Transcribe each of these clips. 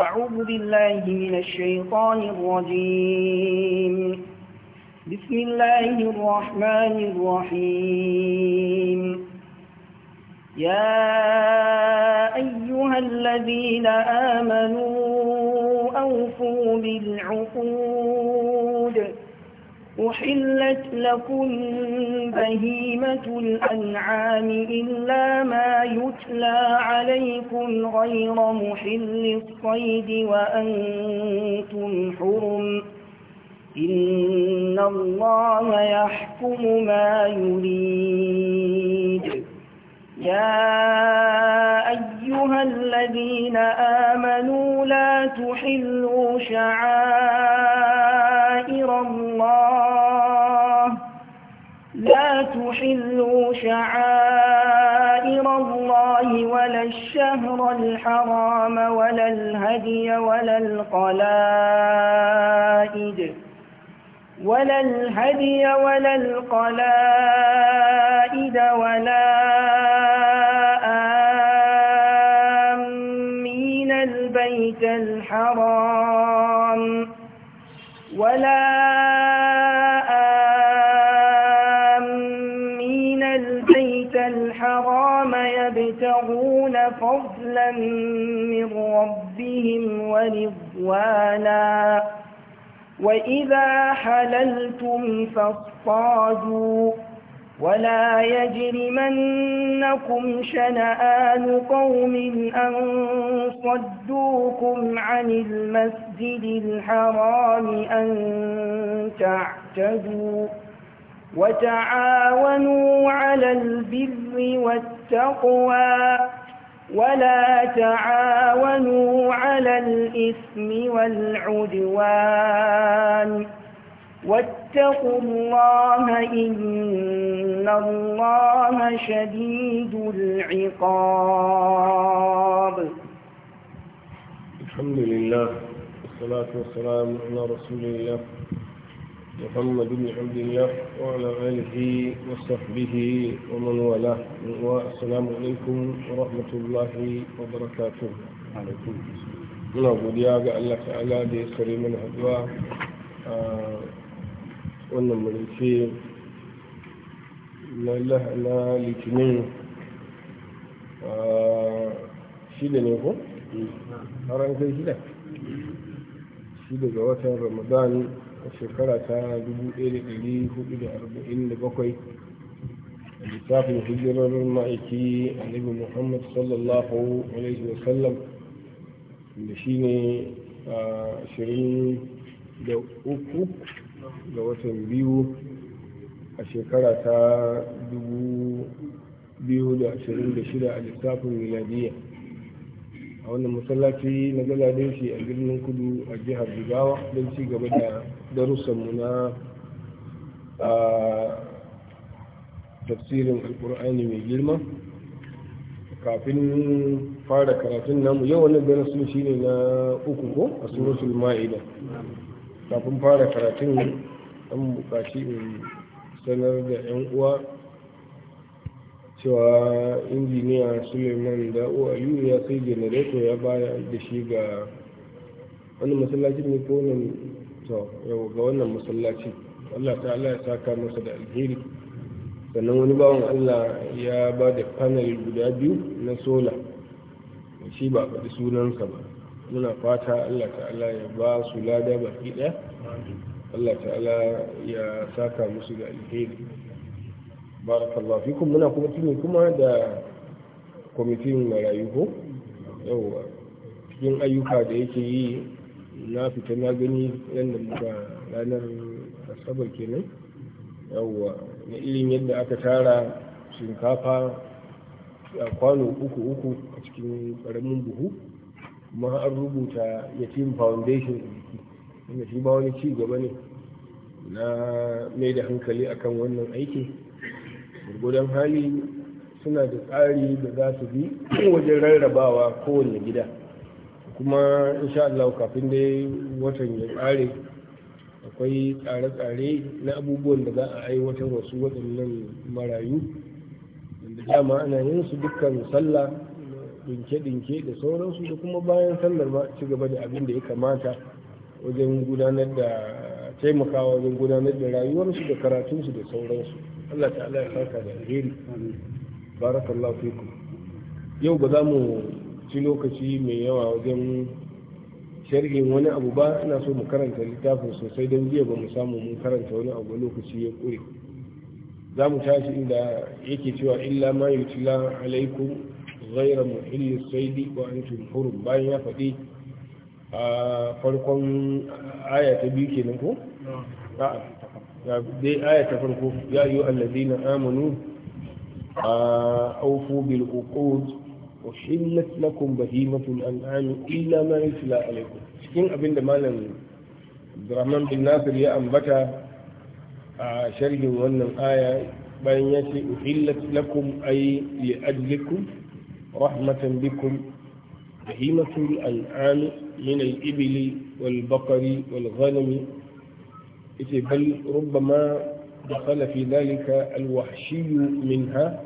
أعوذ بالله من الشيطان الرجيم بسم الله الرحمن الرحيم يا أيها الذين آمنوا أوفوا بالعقود أحلت لكم بهيمة الأنعام إلا ما يتلى عليكم غير محل الصيد وأنتم حرم إن الله يحكم ما يريد يا أيها الذين آمنوا لا تحلوا شعائر الله لا تحلوا شعائر الله ولا الشهر الحرام ولا الهدي ولا القلائد ولا الهدي ولا القلائد ولا آمين البيت الحرام من ربهم ورضوانا وإذا حللتم فاصطادوا ولا يجرمنكم شنآن قوم أن صدوكم عن المسجد الحرام أن تعتدوا وتعاونوا على البر والتقوى ولا تعاونوا على الإثم والعدوان واتقوا الله إن الله شديد العقاب الحمد لله والصلاة والسلام على رسول الله محمد بن عبد الله وعلى آله وصحبه ومن والاه والسلام عليكم ورحمة الله وبركاته عليكم muna godiya ga Allah ta'ala da ya sare mana haduwa a wannan mulki na litinin shida ne ko? har an ga watan ramadan a shekara ta 1447 a littafin hijirar ma'aiki a annabi muhammad sallallahu alaihi wasallam da shi ne a uku ga watan biyu a shekara ta 2026 a littafin miladiyya a wannan masallaci na galade shi a birnin kudu a jihar jigawa don ci gaba da darussanmu na a tafsirin alkur'ani mai girma kafin fara karatun namu yau wani darasin shine na uku ko a suratul ma'ida kafin fara karatun an bukaci in sanar da 'yan uwa cewa injiniya suleiman da'o aliyu ya sai janareto ya baya da shi ga wani masallaci ne ko nan ga wannan masallaci allah ta'ala ya saka masa da alheri sannan wani bawan allah ya ba da panel guda biyu na sola shi ba faɗi sunansa ba muna fata allah ta'ala ya ba su lada ba ɗaya allah ta'ala ya saka musu da alheri fi kuma muna kuma tuni kuma da kwamitin marayu ko yawwa cikin ayyuka da yake yi na fita na gani yadda muka ranar asabar kenan yawwa na irin yadda aka tara shinkafa a kwano uku uku a cikin karamin buhu kuma an rubuta yatim foundation inda shi ba wani ci gaba ne na mai da hankali akan wannan aikin gurgudan hali suna da tsari da za su bi wajen rarrabawa kowane gida kuma insha Allah kafin dai watan ya tsare akwai tsare-tsare na abubuwan da za a aiwatar wasu waɗannan marayu da dama ana yin su dukkan sallah dinke-dinke da sauransu da kuma bayan sallar ma ci gaba da abin da ya kamata wajen gudanar da taimakawa wajen gudanar da rayuwarsu da karatunsu da sauransu Allah ta'ala ya farka da alheri barakallahu fikum yau ba za mu ci lokaci mai yawa wajen sharhin wani abu ba ina so mu karanta littafin sosai don jiya ba mu samu mun karanta wani abu lokaci ya kure za mu tashi inda yake cewa illa ma yutila alaikum ghayra muhilli saidi wa antum hurum bayan ya faɗi a farkon aya ta biyu kenan ko a'a dai aya ta farko ya yi a allazina amanu أوفوا بالعقود وحلت لكم بهيمة الأنعام إلا ما يتلى عليكم cikin abin da malam Abdurrahman bin Nasir ya ambata a sharhin wannan aya bayan ya ce uhillat lakum ay li ajlikum rahmatan bikum bahimatul an'am min al-ibli wal baqari wal ghanami إذ بل ربما دخل في ذلك الوحشي منها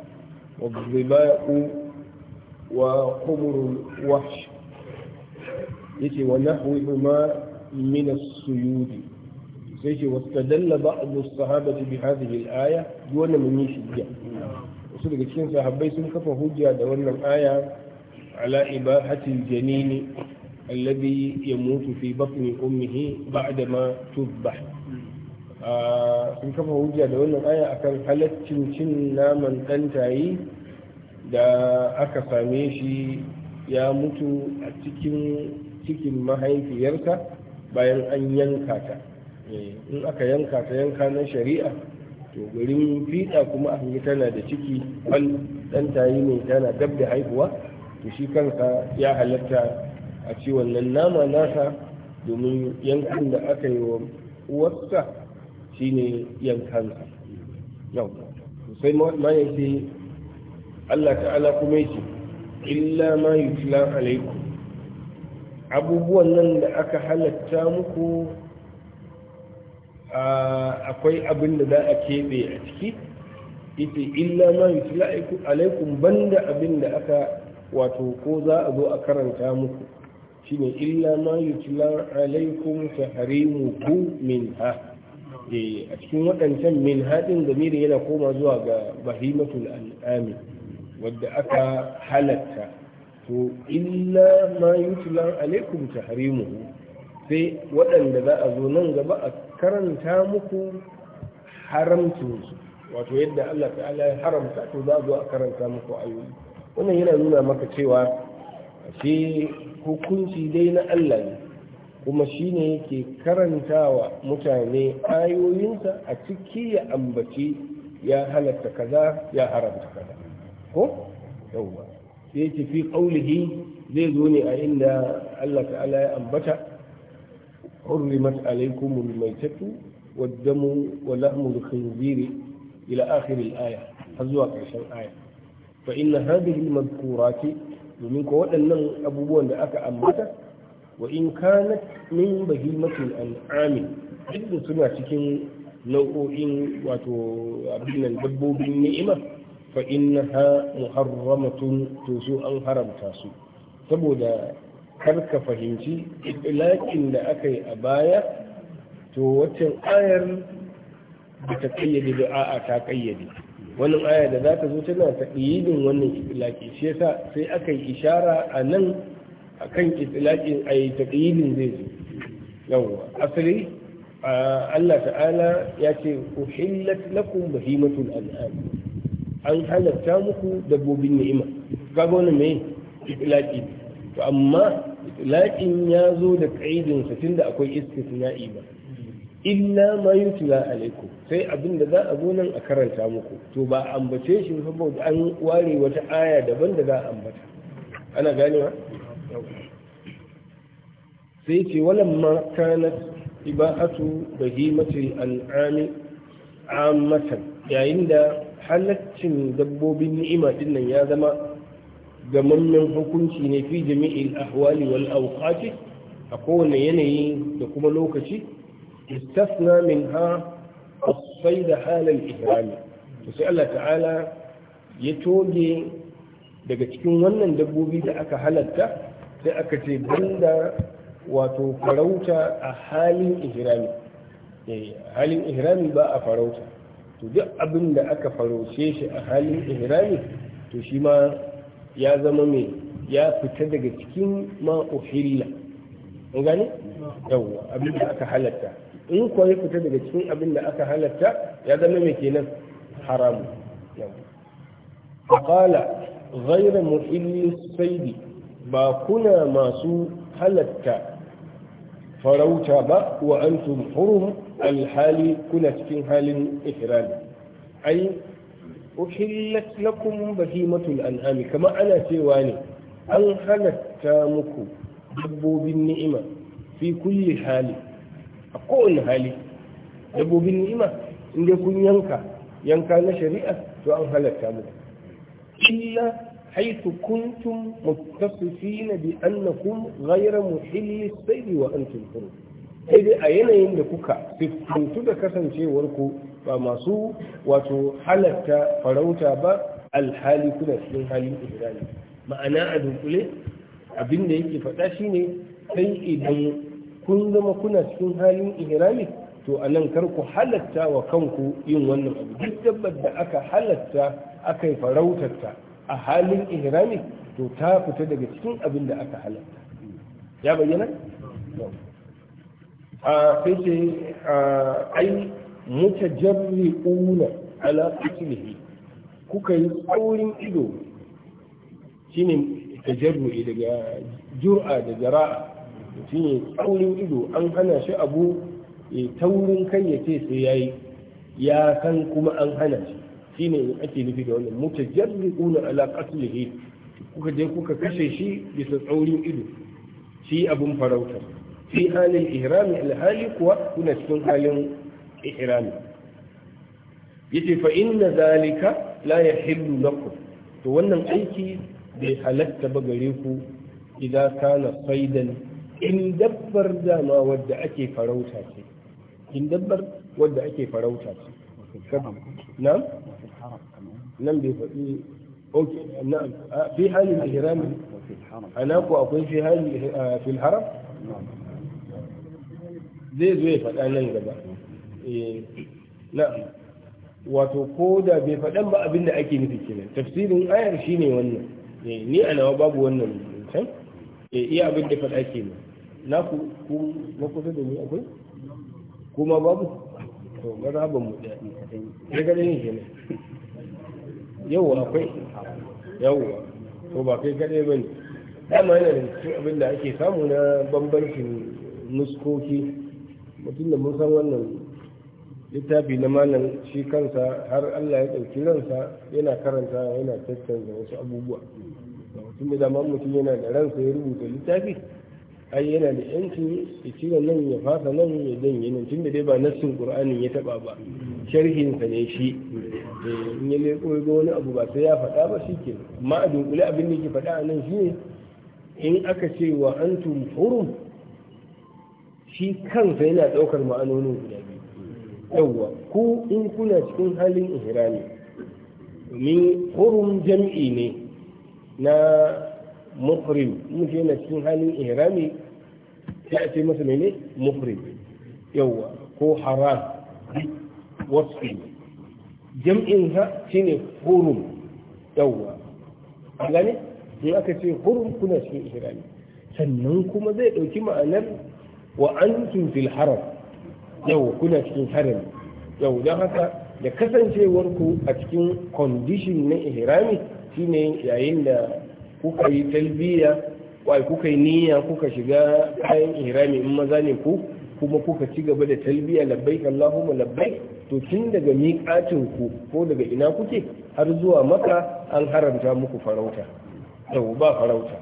والظباء وقبر الوحش إذ ونحوهما من السيود إذ واستدل بعض الصحابة بهذه الآية دون من يشجع وصدق الشين صاحب بيسن فهجع دون الآية على إباحة الجنين الذي يموت في بطن أمه بعدما تذبح sun kafa hujja da wannan aya akan halaccin cin naman ɗantayi da aka same shi ya mutu a cikin cikin mahaifiyarsa bayan an yanka ta eh, in aka yanka ta yanka na shari'a to garin fiɗa kuma a hanyar tana da ciki ɗan tayi ne tana dab da haihuwa to shi kansa ya halatta a ci wannan nama nasa domin yankan da aka yi wa uwarsa shine yankansa yau sai ma yake Allah ta'ala kuma yake illa ma yutla alaikum abubuwan nan da aka halatta muku akwai abin da za a keɓe a ciki ita illa ma yutla alaikum banda abin da aka wato ko za a zo a karanta muku shine illa ma yutla alaikum min ha Eh, a cikin waɗancan min haɗin zamiri yana koma zuwa ga bahimatul al'ami wadda aka halatta to illa ma yutla alaikum tahrimuhu sai waɗanda za a zo nan gaba a karanta muku haramcinsu wato yadda Allah ta'ala ya haramta to za a zo a karanta muku ayoyi wannan yana nuna maka cewa shi hukunci dai na Allah ne kuma shi ne yake karantawa mutane ayoyinsa a ciki ya ambaci ya halatta kaza ya haramta kaza ko yawwa sai yake fi qaulihi zai zo ne a inda Allah ta'ala ya ambata hurrimat alaykumul maytatu wad-damu wa lahmul khinziri ila akhir al-aya har zuwa ƙarshen aya fa inna hadhihi al-madhkurati domin ko waɗannan abubuwan da aka ambata wa in kanat min bahimatul an'ami duk suna cikin nau'o'in wato abin dabbobin ni'ima fa innaha muharramatun to su an haramta su saboda kar ka fahimci ilaƙin da aka yi a baya to waccan ayar da ta kayyade da ta kayyade wannan aya da za ta zo tana ta wannan ilaƙi shi yasa sai aka yi ishara a nan akan itlaqin ay taqyidin zai zo yawwa asali Allah ta'ala ya ce uhillat lakum bahimatul an'am an halatta muku dabbobin ni'ima kaga wannan me itlaqi to amma itlaqin ya zo da kaidin sa tunda akwai istisna'i ba illa ma yutla alaikum sai abin da za a zo nan a karanta muku to ba ambace shi saboda an ware wata aya daban da za a ambata ana ganewa sai ce walamma kanat iba'atu bahimatil a ammatan yayin da halaccin dabbobin ni'ima dinnan ya zama ga gamammen hukunci ne fi jami'il ahwali wal awqati a kowane yanayi da kuma lokaci istafna minha ha sayd da halin ihram to sai Allah ta'ala ya toge daga cikin wannan dabbobi da aka halatta sai aka ce banda wato farauta a halin ihrami eh, halin ihrami ba a farauta to duk abin da aka farauce shi a halin ihrami to shi ma ya zama mai ya fita daga cikin ma uhilla an gane abin da aka halatta in kuwa ya fita daga cikin abin da aka halatta ya zama mai kenan haramu yawwa فقال غير محل saidi. ba kuna masu halatta farauta ba wa antum hurum alhali kuna cikin halin ihram ai uhillat lakum bahimatul an'ami kama ana cewa ne an halatta muku dabbobin ni'ima fi kulli hali a kowane hali dabbobin ni'ima inda kun yanka yanka na shari'a to an halatta muku illa حيث كنتم متصفين بأنكم غير محل الصيد وأنتم حرم إذا أين يندكوكا سفتنتو دا كسن شيء وركو فماسو واتو حلتا فروتا با الحالي كنا سنين حالي إبراني معنى أدن قلي abin da yake faɗa shine sai idan kun zama kuna cikin halin ihrami to a nan kar ku halatta wa kanku yin wannan abu duk dabbar da aka halatta aka yi a halin ihrami to ta fita daga cikin abin da aka halatta ya bayyana a sai ce ai mutajarri'una ala qatlihi kuka yi tsaurin ido shine tajarru'i daga jur'a da jara'a shine tsaurin ido an hana shi abu taurin kai ya ce sai yayi ya san kuma an hana shi shine ake nufi da wannan mutajarriquna ala qatlihi kuka je kuka kashe shi bisa tsaurin ido shi abin farauta fi halin ihrami alhali kuwa kuna cikin halin ihrami yace fa inna zalika la yahillu lakum to wannan aiki bai halatta ba gare ku ka kana faidan, in dabbar dama wadda ake farauta ce in dabbar wadda ake farauta ce na nan bai faɗi ok fi halin ihram ana ku akwai fi halin fil haram zai zo ya faɗa nan gaba eh, na'am wato ko da bai faɗan ba abin da ake nufi kenan tafsirin ayar shine wannan eh, ni a nawa babu wannan can eh, iya abin da faɗa kenan na ku ku makusa da ni akwai kuma babu to mazhaban mu da ne daga ne kenan yau akwai yawwa to ba kai kaɗai ba ne dama yana da cikin abin da ake samu na bambancin nuskoki mutum da mun san wannan littafi na malam shi kansa har allah ya ɗauki ransa yana karanta yana tattanza wasu abubuwa mutum da dama mutum yana da ransa ya rubuta littafi ai yana da yanci ya cire nan ya fasa nan ya danye nan tunda dai ba nassin qur'anin ya taba ba sharhinsa ne shi in ya leko wani abu ba sai ya faɗa ba shi ke amma a dunkule abin da ke faɗa a nan shi ne in aka ce wa antum hurum shi kansa yana ɗaukar ma'anonin guda biyu yawwa ku in kuna cikin halin ihrami domin hurum jam'i ne na muhrim mutum yana cikin halin ihrami sai a ce masa mene muhrim yawwa ko haram wasfi jam'in ha shine hurum yawwa a gane aka ce hurum kuna cikin ihrami sannan kuma zai ɗauki ma'anar wa antum fil haram yau kuna cikin haram yau don haka da kasancewar ku a cikin condition na ihrami shine yayin da kuka yi talbiya wai kuka yi niyya kuka shiga kayan ihrami in maza ne ku kuma kuka ci gaba da talbiya labbaik allahumma labbaik to tun daga miƙacin ku ko daga ina kuke har zuwa maka an haramta muku farauta yau ba farauta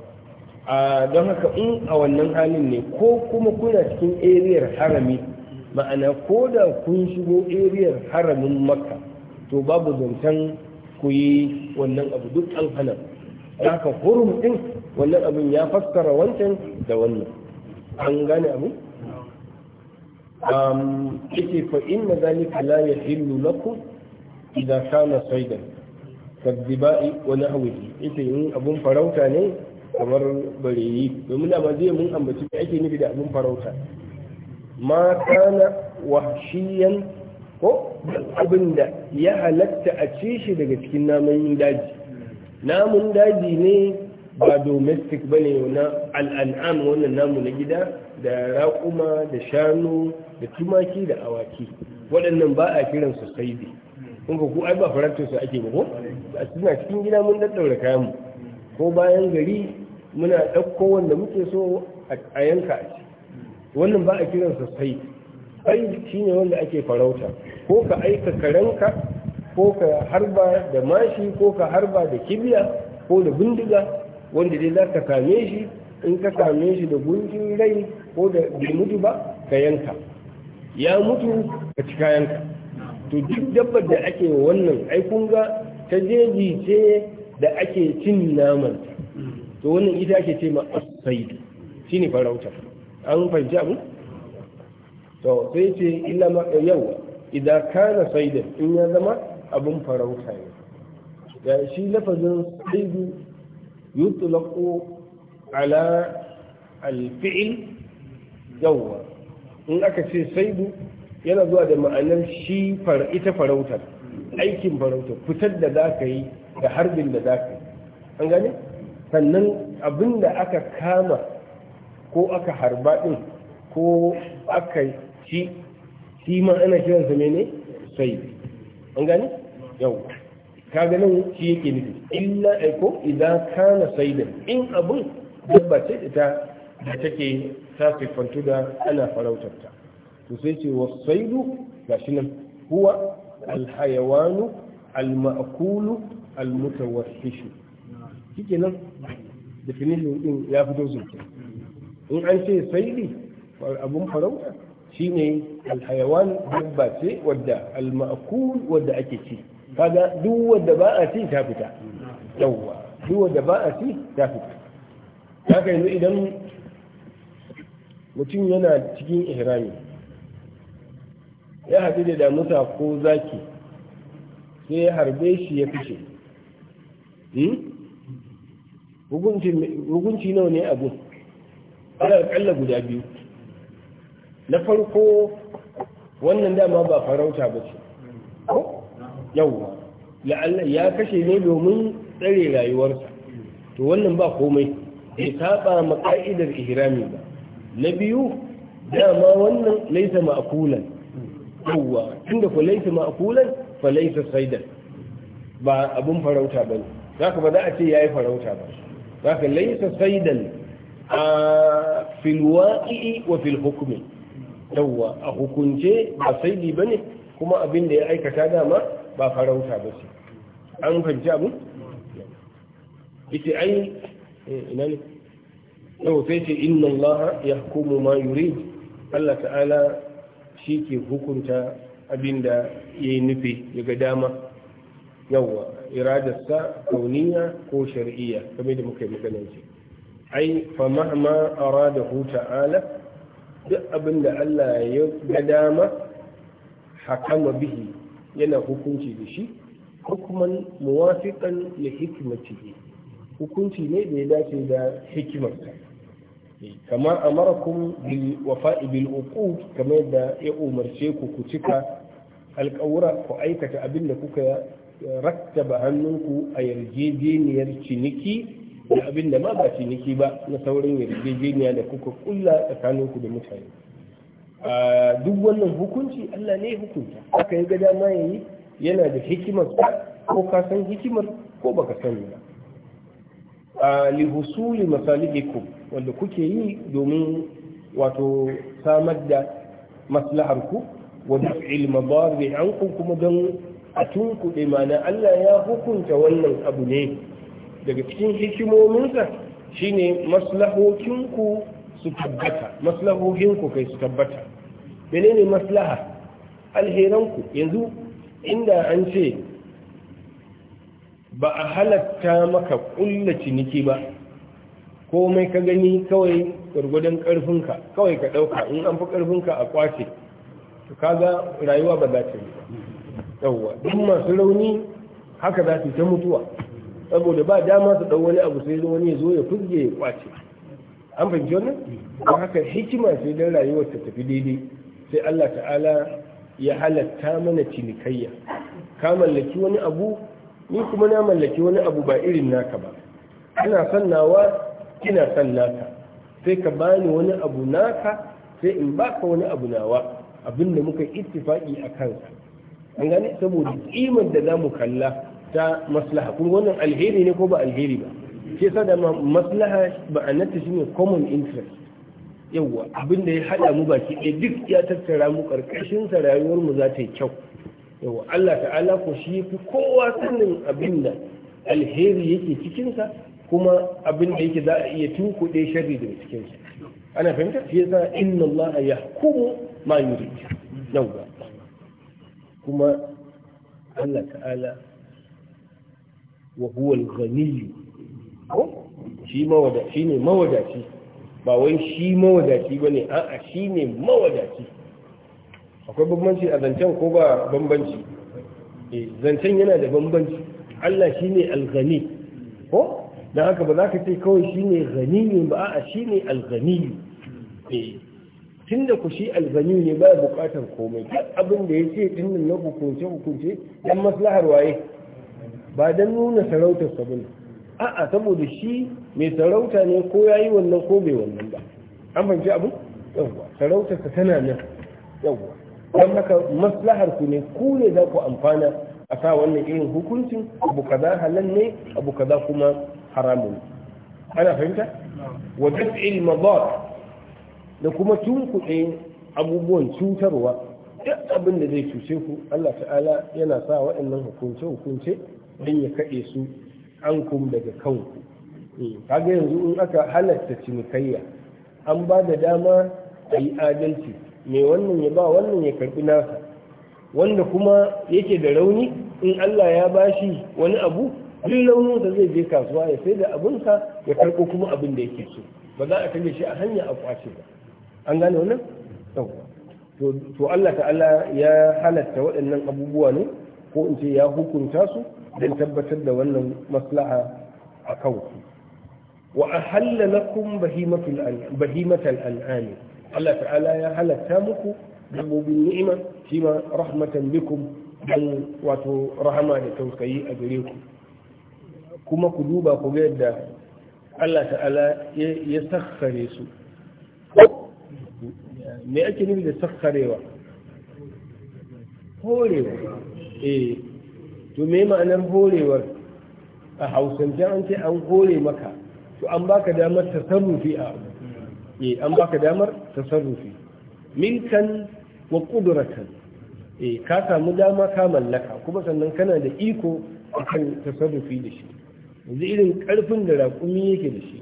a don haka in a wannan halin ne ko kuma kuna cikin eriyar harami ma'ana ko da kun shigo eriyar haramin maka to babu zancen ku yi wannan abu duk an hana haka hurum din wannan abin ya faskara wancan da wannan an gane abin Um, yake fa inna zalika la yahillu lakum idza kana saydan kaddiba'i wa nahwihi ita in abun farauta ne kamar bareyi domin da zai mun ambaci da ake nufi da abun farauta ma kana wahshiyan ko abin da ya halatta a ci shi daga cikin namun daji namun daji ne ba domestic bane na al'an'am wannan namu na gida da raƙuma da shanu da tumaki da awaki waɗannan ba a kiran su bi. kun ga ku ai ba farantin su ake ba ko a suna cikin gida mun daddaura kayan ko bayan gari muna ɗauko wanda muke so a yanka a ci wannan ba a kiran su sai sai shine wanda ake farauta ko ka aika karanka ko ka harba da mashi ko ka harba da kibiya ko da bindiga wanda dai za ka same shi in ka kame shi da gunjin rai ko da mutu ba ka yanka ya mutu ka ci kayanka to duk dabbar da ake wannan ai kun ga ta jeji ce da ake cin naman to wannan ita ake ce ma asaidu shine farauta an fahimci abu to sai ce illa ma yau idan kana saida in ya zama abun farauta ne ga shi lafazin saidu yutlaqu ala al-fi'l jawwa in aka ce saidu yana zuwa da ma'anar shi ita farautar aikin farautar fitar da za ka yi da harbin da za ka yi an gane sannan abin da aka kama ko aka harba ɗin ko aka ci shi ma ana same mene sai an gane yau ka ganin shi yake nufi illa aiko idan kana saidan in abin dabba ce ta da take ta siffantu da ana farautarta to sai ce ga shi nan huwa alhayawanu alma'kulu almutawashishu kike nan definition din ya fito zuke in an ce saidi abun farauta shi ne alhayawan dabba ce wadda alma'kul wadda ake ci kaga duk wadda ba a ci ta fita yawwa duk wadda ba a ci ta fita haka yanzu idan mutum yana cikin ihrami ya haɗu da damusa ko zaki sai ya harbe shi ya fice hmm? hukunci nawa ne abu ana kalla guda biyu na farko wannan dama ba farauta ba ce Yau, la'alla ya kashe ne domin tsare rayuwarsa to wannan ba komai ya saba ma ƙa'idar ihrami ba na biyu dama wannan laisa ma'akulan yawa tunda ku laisa ma'akulan fa laisa saidan ba abun farauta ba Za zaka ba za a ce yi farauta ba zaka laisa saidan a fil wa fil hukmi a hukunce ba saidi bane kuma abin da ya aikata dama ba farauta ba ce an fahimci abu ita ai eh, ina ne yau sai ce inna Allah ya hukumu ma yuri Allah ta'ala shi ke hukunta abinda ya yi nufi daga dama yawa, iradarsa kauniya ko shari'iyya kamar da muka yi magana ce ai fa mahma hu ta'ala duk abinda Allah ya ga dama hakama bihi yana hukunci da shi hukuman muwafiqan li hikmatihi hukunci ne da ya dace da hikimarsa kama amarakum bil wafa'i bil uqud kamar yadda ya umarce ku ku cika alƙawura ku aikata abin da kuka rattaba hannunku a yarjejeniyar ciniki da abin da ma ba ciniki ba na saurin yarjejeniya da kuka kulla tsakaninku da mutane duk wannan hukunci Allah ne hukunta aka yi ga dama yayi yana da hikimar ko ka san hikimar ko baka sani ba lihusuli masalihikum wanda kuke yi domin wato samar da maslaharku wa daf'il an ku kuma dan a tunkuɗe mana Allah ya hukunta wannan abu ne daga cikin hikimominsa shine maslahokinku su tabbata maslahokinku kai su tabbata menene maslaha alheranku yanzu inda an ce ba a halatta maka ƙulla ciniki ba komai ka gani kawai gwargwadon ƙarfinka kawai ka ɗauka in an fi ƙarfinka a kwace to kaga rayuwa ba za ta yi yawwa duk masu rauni haka za su ta mutuwa saboda ba dama su ɗau wani abu sai wani ya zo ya fuzge ya kwace an fahimci wannan Ba haka hikima sai don rayuwar ta tafi daidai sai Allah ta'ala ya halatta mana cinikayya ka mallaki wani abu ni kuma na mallaki wani abu ba irin naka ba Kina son nawa kina son naka sai ka bani wani abu naka sai in baka wani abu nawa abinda muka ittifaki a kansa an gane saboda kimar da za mu kalla ta maslaha kuma wannan alheri ne ko ba alheri ba ke sa da maslaha nata shi ne common interest yawwa abinda ya haɗa mu baki ɗaya duk ya tattara mu ƙarƙashin ƙarƙashinsa mu za ta yi kyau yau Allah ta'ala kushi shi fi kowa sanin abin da alheri yake cikinsa kuma abin da yake za a iya tunkuɗe shari daga cikinsa ana fahimta shi yasa inna Allah ya hukumu ma yurid yawwa kuma Allah ta'ala wa huwa al-ghani shi mawada mawadaci ba wai shi mawadaci bane a'a shine mawadaci akwai bambanci a zancen ko ba bambanci eh, zancen yana da bambanci Allah shi al-ghani ko da haka ba za ka ce kawai shi ne gani ne ba a shine al tun eh, tunda ku shi al ne ba bukatar komai abin da tun da na hukunce hukunce yan maslahar waye ba don nuna sarautar sabon a'a saboda shi mai sarauta ne ko yayi wannan ko bai wannan ba an fahimci abu yawwa sarautar tana nan yawwa don haka maslahar ku ne ku ne za ku amfana a sa wannan irin hukuncin abu kaza halal ne abu kaza kuma haramun ana fahimta wa daf'il madar da kuma tunkuɗe abubuwan cutarwa duk abin da zai cuce ku Allah ta'ala yana sa waɗannan hukunce hukunce don ya kaɗe su an kum daga kanku hmm, kaga yanzu in aka halatta cinikayya an ba da dama a yi adalci mai wannan ya ba wannan ya karbi nasa wanda kuma yake da rauni in Allah ya bashi wani abu duk launinsa zai je kasuwa ya sai da ka ya karɓo kuma abin da yake so ba za a kalle shi a hanya a kwace ba an gane wannan to Allah ta'ala ya halatta waɗannan abubuwa ne ko in ce ya hukunta su dan tabbatar da wannan maslaha a kanku wa ahalla lakum bahimatul an'am Allah ta'ala ya halatta muku dabbobin ni'ima shi ma rahmatan bikum dan wato rahama da tausayi a gare ku kuma ku duba ku ga yadda Allah ta'ala ya sakhare su me ake nufi da sakharewa horewa eh to me ma'anar horewar a hausance an ce an hore maka to an baka damar tasarrufi a abu eh an baka damar tasarrufi minkan wa qudratan eh ka samu dama ka mallaka kuma sannan kana da iko akan tasarrufi da shi yanzu irin karfin da raƙumi yake da shi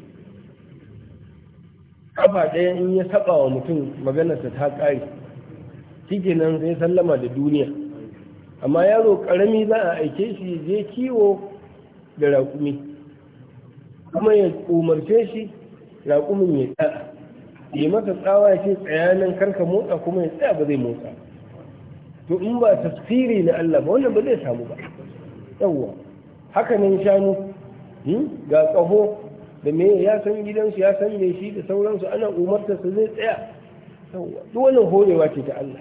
kafa ɗaya in ya saba wa mutum maganarsa ta ƙare shikenan sai sallama da duniya amma yaro ƙarami za a aike shi je kiwo da raƙumi kuma ya umarce shi raƙumin ya tsada yi maka tsawa ya ce tsayanin karka motsa kuma ya tsaya ba zai motsa to in ba tafsiri na Allah ba wannan ba zai samu ba yawwa haka nan shanu hmm? ga ƙaho da me ya san gidansu ya san me shi da sauransu ana umarta su zai tsaya yawwa duk wannan horewa ce ta Allah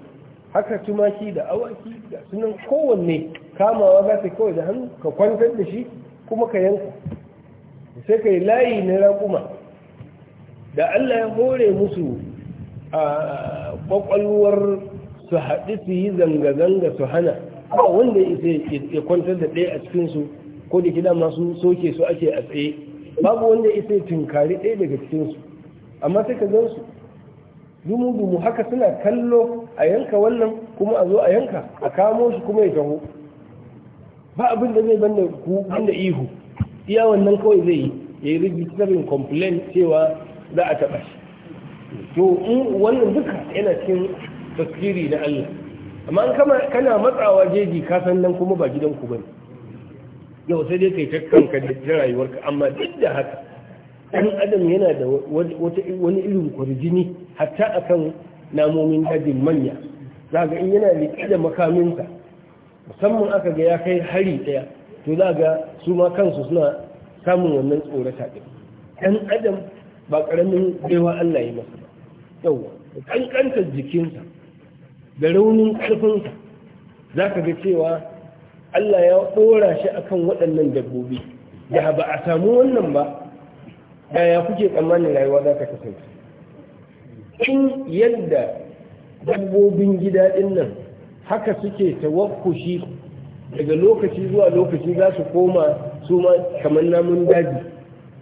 haka tumaki da awaki da sunan kowanne kamawa za ta kawai da hannu ka kwantar da shi kuma ka yanka sai ka yi layi na raƙuma da Allah ya hore musu a kwakwalwar su haɗi su yi zanga-zanga su hana ba wanda ya kwantar da ɗaya a cikinsu ko da kida masu soke su ake a tsaye babu wanda ya sai tunkari ɗaya daga cikinsu amma sai ka zan su dumu-dumu haka suna kallo a yanka wannan kuma a zo a yanka a kamo shi kuma ya taho ba abin da zai banda ku banda ihu iya wannan kawai zai yi ya yi rijistarin complain cewa za a taɓa shi to wannan duka yana cikin tasiri na Allah amma an kama kana matsawa jeji ka san nan kuma ba gidanku bane yau sai dai kai ta kanka da rayuwarka amma duk da haka dan adam yana da wani irin kwarjini hatta akan namomin dajin manya za ga in yana riƙe da makaminsa musamman aka ga ya kai hari ɗaya to za ga su ma kansu suna samun wannan tsorata ɗin dan adam ba ƙaramin baiwa Allah yi masa yawa kankanta jikinsa da raunin ƙarfinsa za ka ga cewa Allah ya ɗora shi a kan waɗannan dabbobi da ba a samu wannan ba da ya kuke tsammanin rayuwa za ka kasance in yadda dabbobin gida ɗin nan haka suke tawakkushi daga lokaci zuwa lokaci za su koma su ma kamar namun daji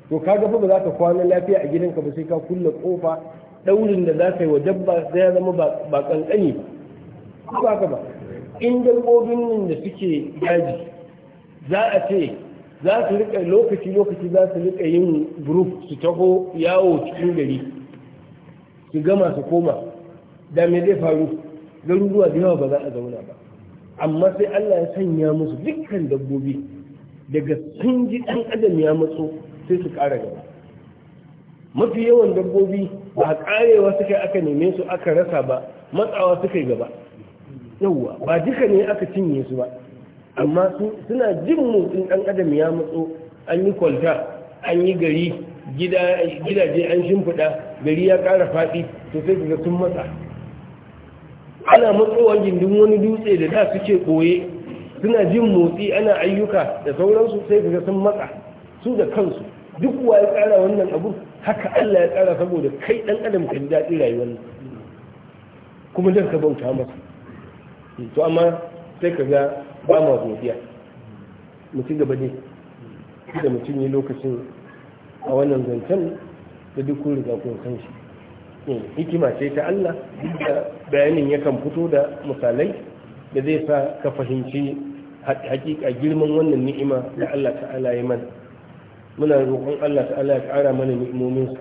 to ka fa ba za ka kwana lafiya a gidanka ba sai ka kulle kofa daurin da za ka yi wa dabba sai ya zama ba kankani ba ba ka ba in dabbobin nan da suke daji za a ce za su rika lokaci lokaci za su rika yin group su taho yawo cikin gari su gama su koma da me zai faru garuruwa da yawa ba za a zauna ba amma sai Allah ya sanya musu dukkan dabbobi daga sun ji dan adam ya matso sai su ƙara gaba mafi yawan dabbobi ba a ƙarewa suka aka neme su aka rasa ba matsawa suka yi gaba yauwa ba duka ne aka cinye su ba amma suna jin motsin ɗan adam ya matso an yi kwalta an yi gari gidaje an shimfiɗa gari ya ƙara faɗi to sai ga sun matsa ana matsowa gindin wani dutse da da suke ɓoye suna jin motsi ana ayyuka da sauransu sai ga sun matsa su da kansu duk wa ya tsara wannan abu haka Allah ya tsara saboda kai dan adam kan daɗi rayuwar nan kuma dan ka bauta masa to amma sai ka ga ba ma godiya mutum gaba ne da mutum yi lokacin a wannan zancen da duk kun riga kun san shi hmm, hikima ce ta Allah da bayanin yakan fito da misalai da zai sa ka fahimci hakika girman wannan ni'ima da Allah ta'ala ya mana muna roƙon Allah ta'ala ya ƙara mana ni'imominsa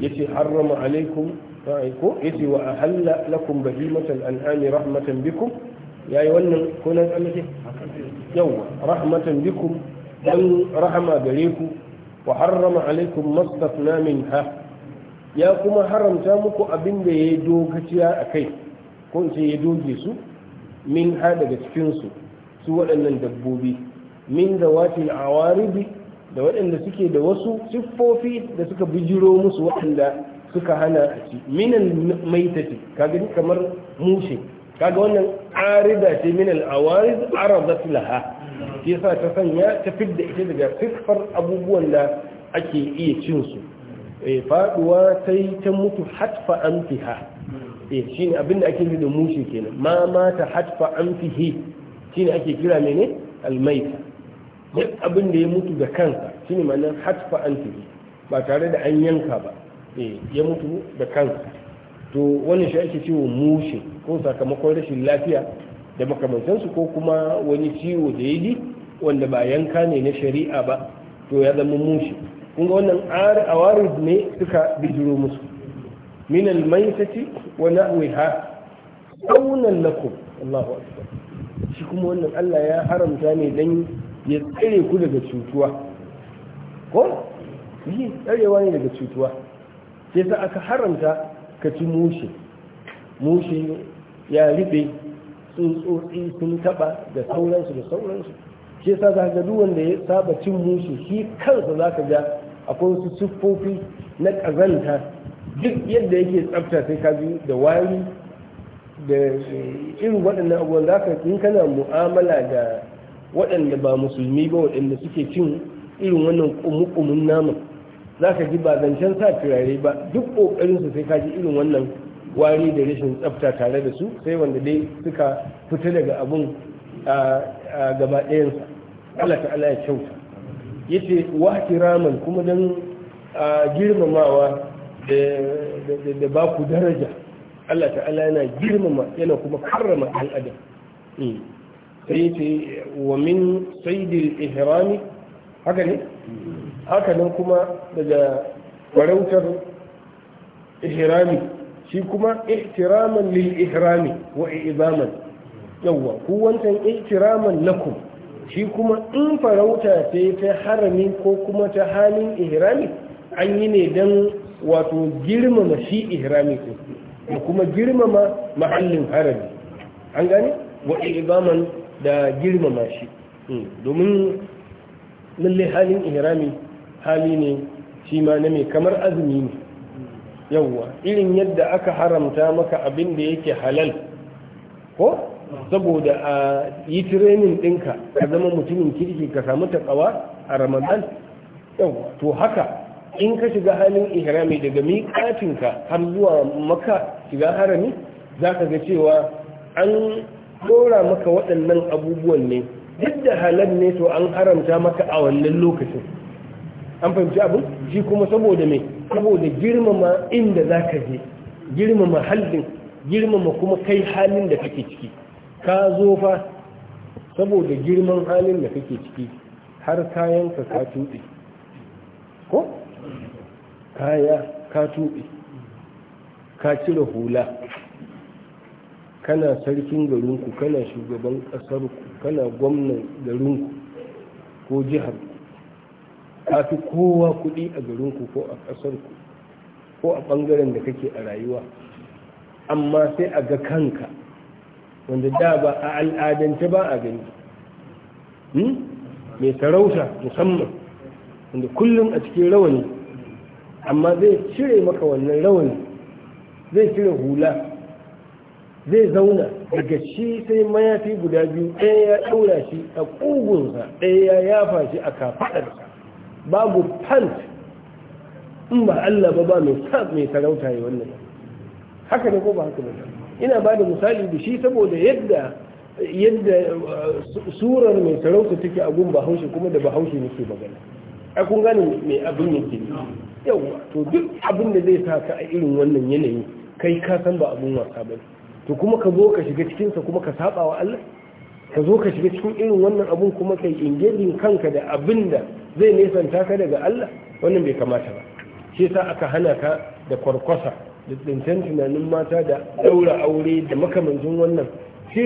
yace harrama alaikum ko yace wa ahalla lakum bahimatal an'ami rahmatan bikum yayi wannan ko nan Allah ce yawa rahmatan bikum dan rahama gare ku wa harrama alaikum mastafna minha ya kuma haramta muku abin da ya dogaciya a kai ko ce ya doge su min ha daga cikin su su waɗannan dabbobi min da wati awaribi da waɗanda suke da wasu siffofi da suka bijiro musu waɗanda suka hana a ci minan maitati kaga kamar mushe kaga wannan arida ce minal awariz aradat laha ke sa ta sanya ta fidda ita daga siffar abubuwan da ake iya cin su eh faduwa sai ta mutu hatfa anfiha eh shine abinda ake yi da mushe kenan ma mata hatfa anfihi shine ake kira mene almaita duk abin da ya mutu da kansa shine ma'anar hatfa an tafi ba tare da an yanka ba eh, ya mutu da kansa to wani shi ake ciwo mushe ko sakamakon rashin lafiya da makamantansu ko kuma wani ciwo da ya yi wanda ba yanka ne na shari'a ba to ya zama mushe kun ga wannan awarid ne suka bijiro musu min almaitati wa nahwiha saunan lakum Allahu akbar shi kuma wannan Allah ya haramta ne dan ya tsere ku daga cutuwa ko yi tsarewa ne daga cutuwa sai sa aka haramta ka ci mushe mushe ya rufe tsuntsotsi sun taba da sauransu da sauransu sai sa za ga duk wanda ya saba cin mushi shi kansa za ka ga akwai wasu siffofi na ƙazanta duk yadda yake tsafta sai ka biyu da wari da irin waɗannan abubuwan za ka in kana mu'amala da waɗanda ba musulmi ba waɗanda suke cin irin wannan kumukumin naman za ka ji ba zancen sa turare ba duk ƙoƙarinsu sai ka ji irin wannan wari da rashin tsafta tare da su sai wanda dai suka fita daga abun gaba ɗayansa Allah ta'ala ya kyauta ya ce wa kiraman kuma don girmamawa da ba ku daraja Allah ta'ala yana girmama yana kuma karrama ɗan hmm. sai ce wa min saidil ihrami haka ne haka nan kuma daga farautar ihrami shi kuma ihtiraman lil ihrami wa izaman yawa ku wancan ihtiraman lakum shi kuma in farauta ce ta harami ko kuma ta halin ihrami an yi ne don wato girmama shi ihrami ko kuma girmama mahallin harami an gane wa izaman da girmama shi hmm. domin lalle halin ihrami hali ne shi ma na mai kamar azumi ne yawwa irin yadda aka haramta maka abin da yake halal ko saboda a yi tirenin ɗinka ka zama mutumin kirki ka samu taƙawa a ramadan yawwa to haka in ka shiga halin ihrami daga miƙatinka har zuwa maka shiga harami za ka ga cewa an dora maka waɗannan abubuwan ne duk da halar ne to an haramta maka a wannan lokacin an fahimci abu shi kuma saboda me saboda girmama inda za ka je girmama halin girmama kuma kai halin da kake ciki ka zo fa saboda girman halin da kake ciki har kayan ka ka tuɗe ko kaya ka tuɗe ka cire hula kana sarkin garinku kana shugaban ƙasarku kana gwamnan garinku ko jihar ka fi kowa kuɗi a garinku ko a ƙasarku ko a ɓangaren da kake a rayuwa amma sai a ga kanka wanda da ba a al'adance ba a gani hmm? mai sarauta musamman wanda kullum a cikin rawani amma zai cire maka wannan rawani zai cire hula zai zauna daga shi sai mayafi guda biyu ɗaya ya ɗaura shi a ƙugunsa ɗaya ya yafa shi a kafaɗarsa babu pant in ba Allah ba ba mai sarauta ya wannan haka ne ko ba haka ba ina ba da misali da shi saboda yadda yadda uh, surar mai sarauta take a gun bahaushe kuma da bahaushe ke magana a kun gane mai abin yake Yau, to duk abin da zai sa ka a irin wannan yanayi kai ka san ba abun wasa ba ne to kuma ka zo ka shiga cikinsa kuma ka saba wa Allah ka zo ka shiga cikin irin wannan abun kuma kai ingejin kanka da abin da zai nesanta ka daga Allah wannan bai kamata ba shi yasa aka hana ka da kwarkwasa da tsintan tunanin mata da daura aure da makamancin wannan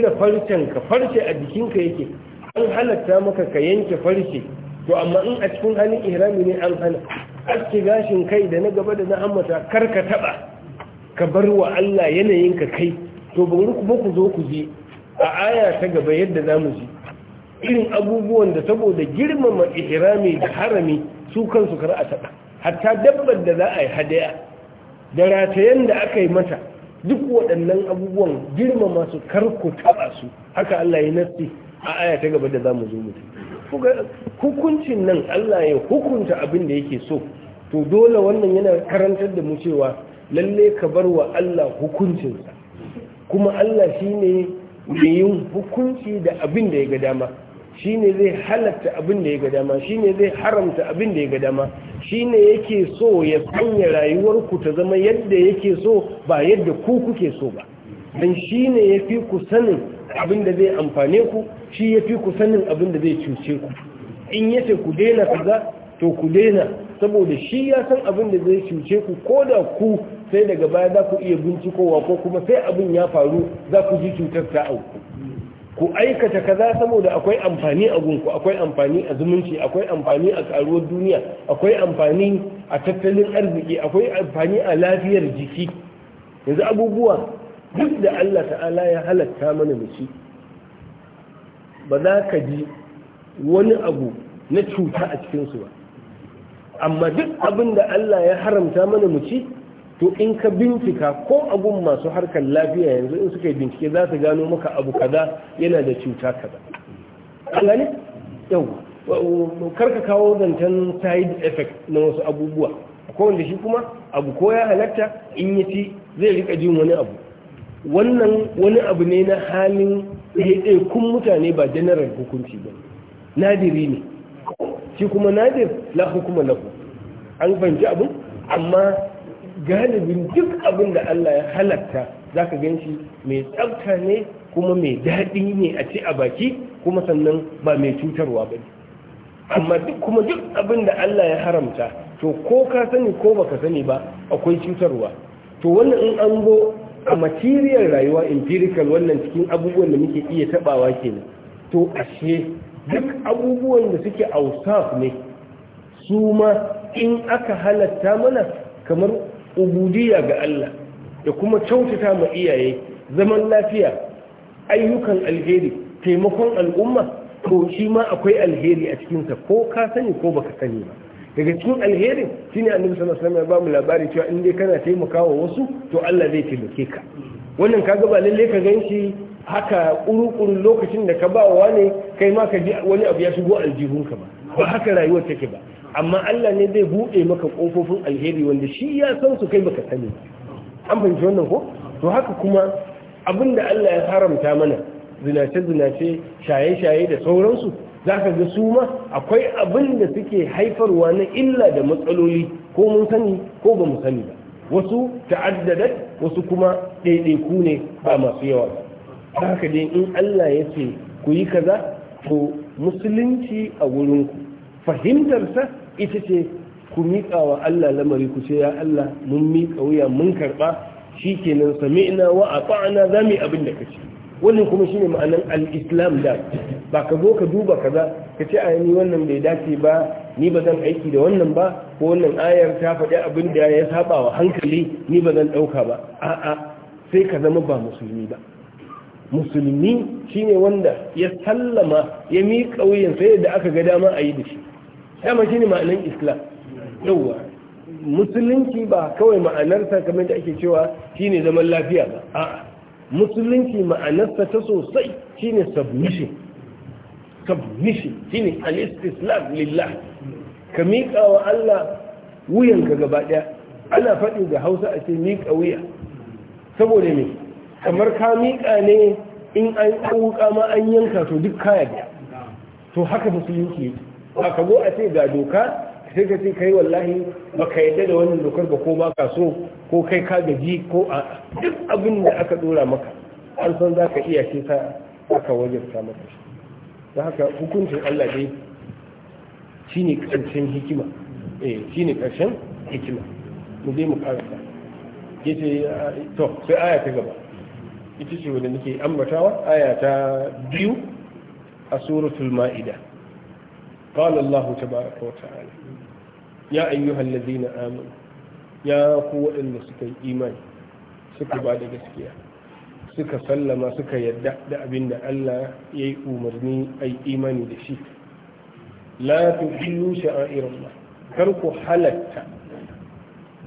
da farcen ka farce a jikinka yake an halatta maka ka yanke farce to amma in a cikin halin ihrami ne an hana aske gashin kai da na gaba da na hammata kar ka taba ka bar wa Allah yanayin ka kai to ba kuma ku zo ku je a aya ta gaba yadda za mu ji irin abubuwan da saboda girmama ihrami da harami su kansu kar a taɓa hatta dabbar da za a yi hadaya da ratayen da aka yi mata duk waɗannan abubuwan girmama su kar ku taɓa su haka Allah ya nasti a aya ta gaba da za mu zo mu hukuncin nan Allah ya hukunta abin da yake so to dole wannan yana karantar da mu cewa lalle ka bar wa Allah hukuncinsa kuma Allah shi ne mai yin hukunci da abin da ya ga dama shi ne zai halatta abin da ya ga dama shi ne zai haramta abin da ya ga dama shi ne yake so ya sanya ku ta zama yadda yake so ba yadda ku kuke so ba don shi ne ya fi ku sanin abin da zai amfane ku shi ya fi ku sanin abin da zai cuce ku in yace ku daina kaza to ku daina saboda shi ya san abin da zai cuce ku ko da ku sai daga baya za ku iya bincikowa ko kuma sai abin ya faru za ku ji cutar ta auku ku aikata kaza saboda akwai amfani a gunku akwai amfani a zumunci akwai amfani a karuwar duniya akwai amfani a tattalin arziki akwai amfani a lafiyar jiki yanzu abubuwa duk da Allah ta'ala ya halatta mana da shi ba za ka ji wani abu na cuta a cikinsu ba amma duk abin da Allah ya haramta mana mu ci to in ka bincika ko abun masu harkar lafiya yanzu in suka yi bincike za su gano maka abu kaza yana da cuta kaza an gane yau karka kawo zancen side effect na wasu abubuwa ko wanda shi kuma abu ko ya halatta in ya ci zai rika jin wani abu wannan wani abu ne na halin kun mutane ba general hukunci ba nadiri ne shi kuma nadir la hukuma lahu an fahimci abu amma galibin duk abin da Allah ya halatta za ka gan shi mai tsafta ne kuma mai daɗi ne a ce a baki kuma sannan ba mai cutarwa ba amma duk kuma duk abin da Allah ya haramta to ko ka sani ko baka sani ba akwai cutarwa to wannan in an go a material rayuwa empirical wannan cikin abubuwan da muke iya tabawa kenan to ashe duk abubuwan da suke ausaf ne su ma in aka halatta mana kamar ubudiya ga Allah da kuma kyautata ma iyaye zaman lafiya ayyukan alheri taimakon al'umma to shi ma akwai alheri a cikinsa ko ka sani ko baka sani ba daga cikin alherin shine annabi sallallahu alaihi wasallam ya mu labari cewa in dai kana taimakawa wasu to Allah zai taimake ka wannan kaga ba lalle ka ganshi haka kurukurun lokacin da ka ba wa ne kai ma ka ji wani abu ya shigo aljihunka ba ba haka rayuwar take ba amma Allah ne zai buɗe maka ƙofofin alheri wanda shi ya san su kai baka sani an fahimci wannan ko to haka kuma abinda Allah ya haramta mana zinace zinace shaye shaye da sauransu za ka ga su ma akwai abin da suke haifarwa na illa da matsaloli ko mun sani ko ba mu sani ba wasu ta'addadat wasu kuma ɗaiɗaiku ne ba masu yawa ba haka dai in Allah ya ce ku yi kaza ko musulunci a wurinku fahimtarsa ita ce ku miƙa wa Allah lamari ku ce ya Allah mun miƙa wuya mun karɓa shi shikenan sami'na wa a za mu yi abin da kace wannan kuma shine ma'anar al-islam da ba ka zo ka duba kaza ka ce a ni wannan bai dace ba ni ba zan aiki da wannan ba ko wannan ayar ta faɗi abin da ya saba wa hankali ni ba zan ɗauka ba a'a sai ka zama ba musulmi ba musulmi shine wanda ya sallama ya miƙa wuyan sai da aka ga dama a yi da shi dama shine ma'anan islam yauwa musulunci ba kawai ma'anarsa kamar da ake cewa shine zaman lafiya ba a'a musulunci ma'anarsa ta sosai shine submission submission shi ne al'islam lillah ka miƙa wa Allah wuyanka gaba ɗaya ana faɗi da Hausa a ce miƙa wuya saboda ne kamar ka miƙa ne in an wuka ma an yanka to duk kaya to haka musulunci yake Aka zo a ce ga doka sai ka ce kai wallahi ba ka yadda da wannan dokar ba ko ba ka so ko kai ka gaji ko a duk abin da aka dora maka an san za ka iya ce ta aka wajarta maka shi da haka hukuncin Allah dai shi ne ƙarshen hikima eh shi ne ƙarshen hikima mu dai mu karanta ya ce to sai aya ta gaba ita ce wadda nake ambatawa aya ta biyu a suratul ma'ida قال الله تبارك وتعالى يا أيها الذين آمنوا يا قوة إن سكي إيمان سكي بعد جسكيا suka sallama suka yarda da abin da Allah ya yi umarni a yi imani da shi la tu hillu sha'irullah kar ku halatta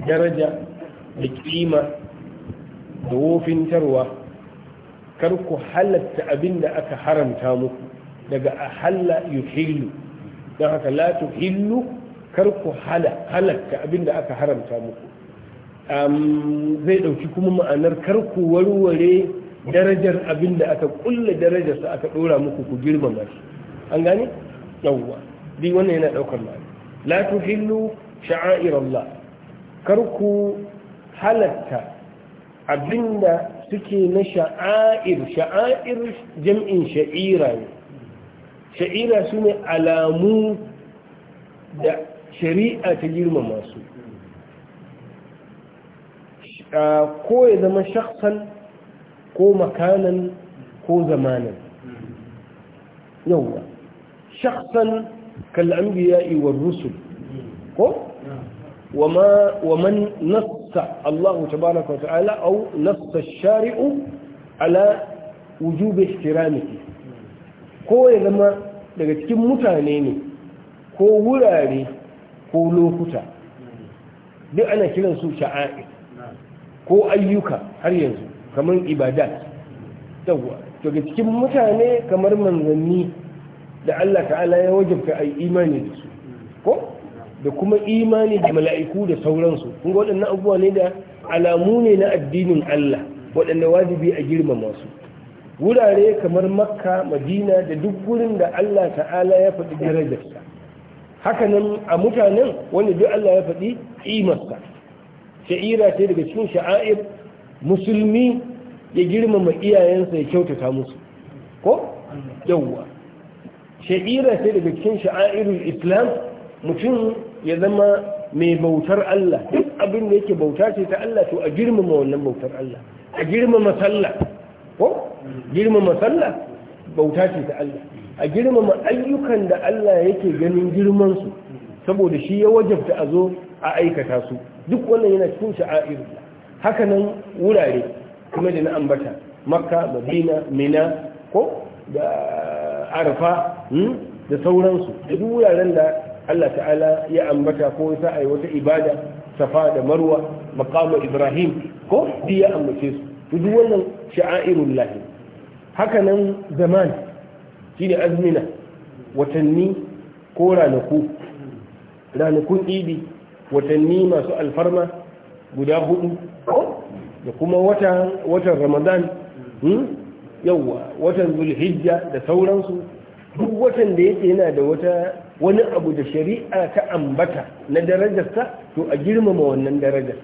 daraja da kima da wofintarwa kar ku halatta abin da aka haramta muku daga ahalla yuhillu don haka la tuhillu kar ku halakka abin da aka haramta muku zai ɗauki kuma ma'anar kar ku warware darajar abin da aka kulle darajarsa aka ɗora muku ku girmama shi an gane yawwa dai wannan yana ɗaukar ma'ana la tuhillu sha'airallah kar ku halatta abinda suke na sha'air sha'air jam'in sha'ira ne sha'ira su ne alamu da shari'a ta girmama su ko ya zama shaksan ko makanan ko zamanin yawwa shaksan kal'ambiya'i wa rusul ko nasta Allahu الله تبارك ta'ala au nasta shari'u ala wujube احترامه ko ya zama daga cikin mutane ne ko wurare ko lokuta duk ana kiran su sha'a'i ko ayyuka har yanzu kamar ibadat to daga cikin mutane kamar manzanni da Allah ta'ala ya wajabta a imani da su ko da kuma imani da mala'iku da sauransu kun waɗannan abubuwa ne da alamu ne na addinin Allah waɗanda wajibi a girmama su wurare kamar makka madina da duk gurin da allah ta'ala ya faɗi darajarsa haka nan a mutanen wanda duk allah ya faɗi ƙimarsa sha'ira ce daga cikin sha'air musulmi ya girmama iyayensa ya kyautata musu ko yawwa sha'ira ce daga cikin sha'airul islam mutum ya zama mai bautar allah duk abin da yake bauta ce ta allah to a girmama wannan bautar allah a girmama sallah ko girmama sallah bauta ce ta Allah a girmama ayyukan da Allah yake ganin girman su saboda shi ya wajabta a zo a aikata su duk wannan yana cikin sha'air haka nan wurare kuma da na ambata makka madina mina ko da arfa hmm, da sauransu da duk wuraren da Allah ta'ala ya ambata ko ya sa a yi wata ibada safa da marwa maqama ibrahim ko duk ya ambace su duk wannan sha'a'irullahi Haka nan, zaman shi da azmina watanni ko ranaku ranakun idi watanni masu alfarma guda hudu da kuma watan ramadan hmm? yawwa watan zulhijja da sauransu duk watan da yake yana da wata wani abu da shari'a ta ambata na darajarsa to a girmama wannan darajar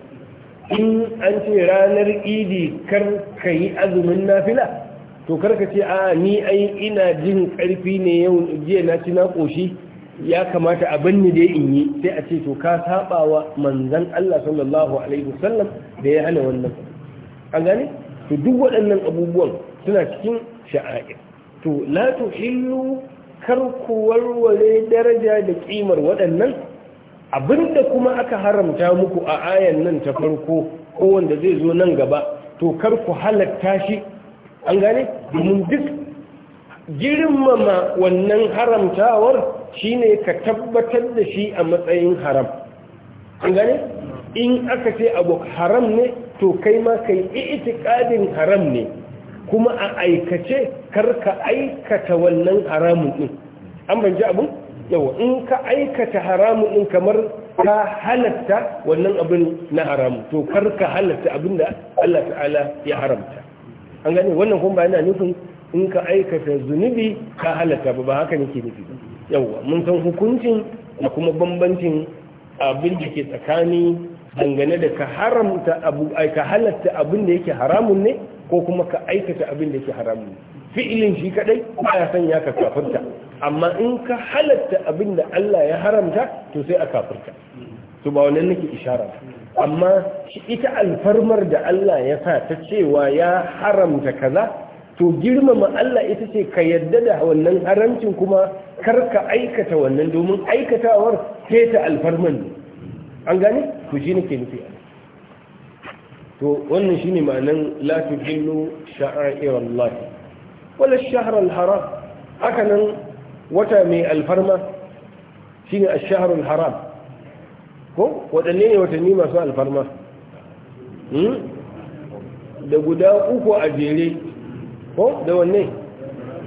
in an ce ranar idi kar ka yi azumin nafila to karka ce a ni ai ina jin karfi ne yau jiya na ci na koshi ya kamata a banni da in yi sai a ce to ka saba wa manzan Allah sallallahu alaihi wasallam da ya hana wannan an gane to duk waɗannan abubuwan suna cikin sha'a'ir to la tuhillu kar ku warware daraja da kimar waɗannan abinda kuma aka haramta muku a ayan nan ta farko ko wanda zai zo nan gaba to kar ku halatta shi an gane domin duk girmama wannan haramtawar shine ka tabbatar da shi a matsayin haram an gane in aka ce abu haram ne to kai ma kai itikadin haram ne kuma a aikace karka aikata wannan haramun din an banji abu yawa in ka aikata haramun din kamar ka halatta wannan abin na haramu to karka halatta abin da Allah ta'ala ya haramta an gani wannan kuma ba yana nufin in ka aikata zunubi ka halatta ba ba haka nake nufi yawwa mun san hukuncin da kuma bambancin abin da ke tsakani dangane da ka haramta abu ai ka halatta abin da yake haramun ne ko kuma ka aikata abin da yake haramun ne fi'ilin shi kadai ya sanya ka kafirta amma in ka halatta abin da Allah ya haramta to sai a kafirta to ba wannan nake isharar amma ita alfarmar da Allah ya sa ta cewa ya haramta kaza to girmama Allah ita ce ka yadda da wannan haramcin kuma kar ka aikata wannan domin aikatawar keta alfarman ne an gane ku shi ne ke nufi to wannan shine ma'anan la tujillu sha'a'irallah wala ash al-haram haka nan wata mai alfarma shine a shahr al-haram ko waɗanne ne watanni masu alfarma hmm? da guda uku a jere ko da wanne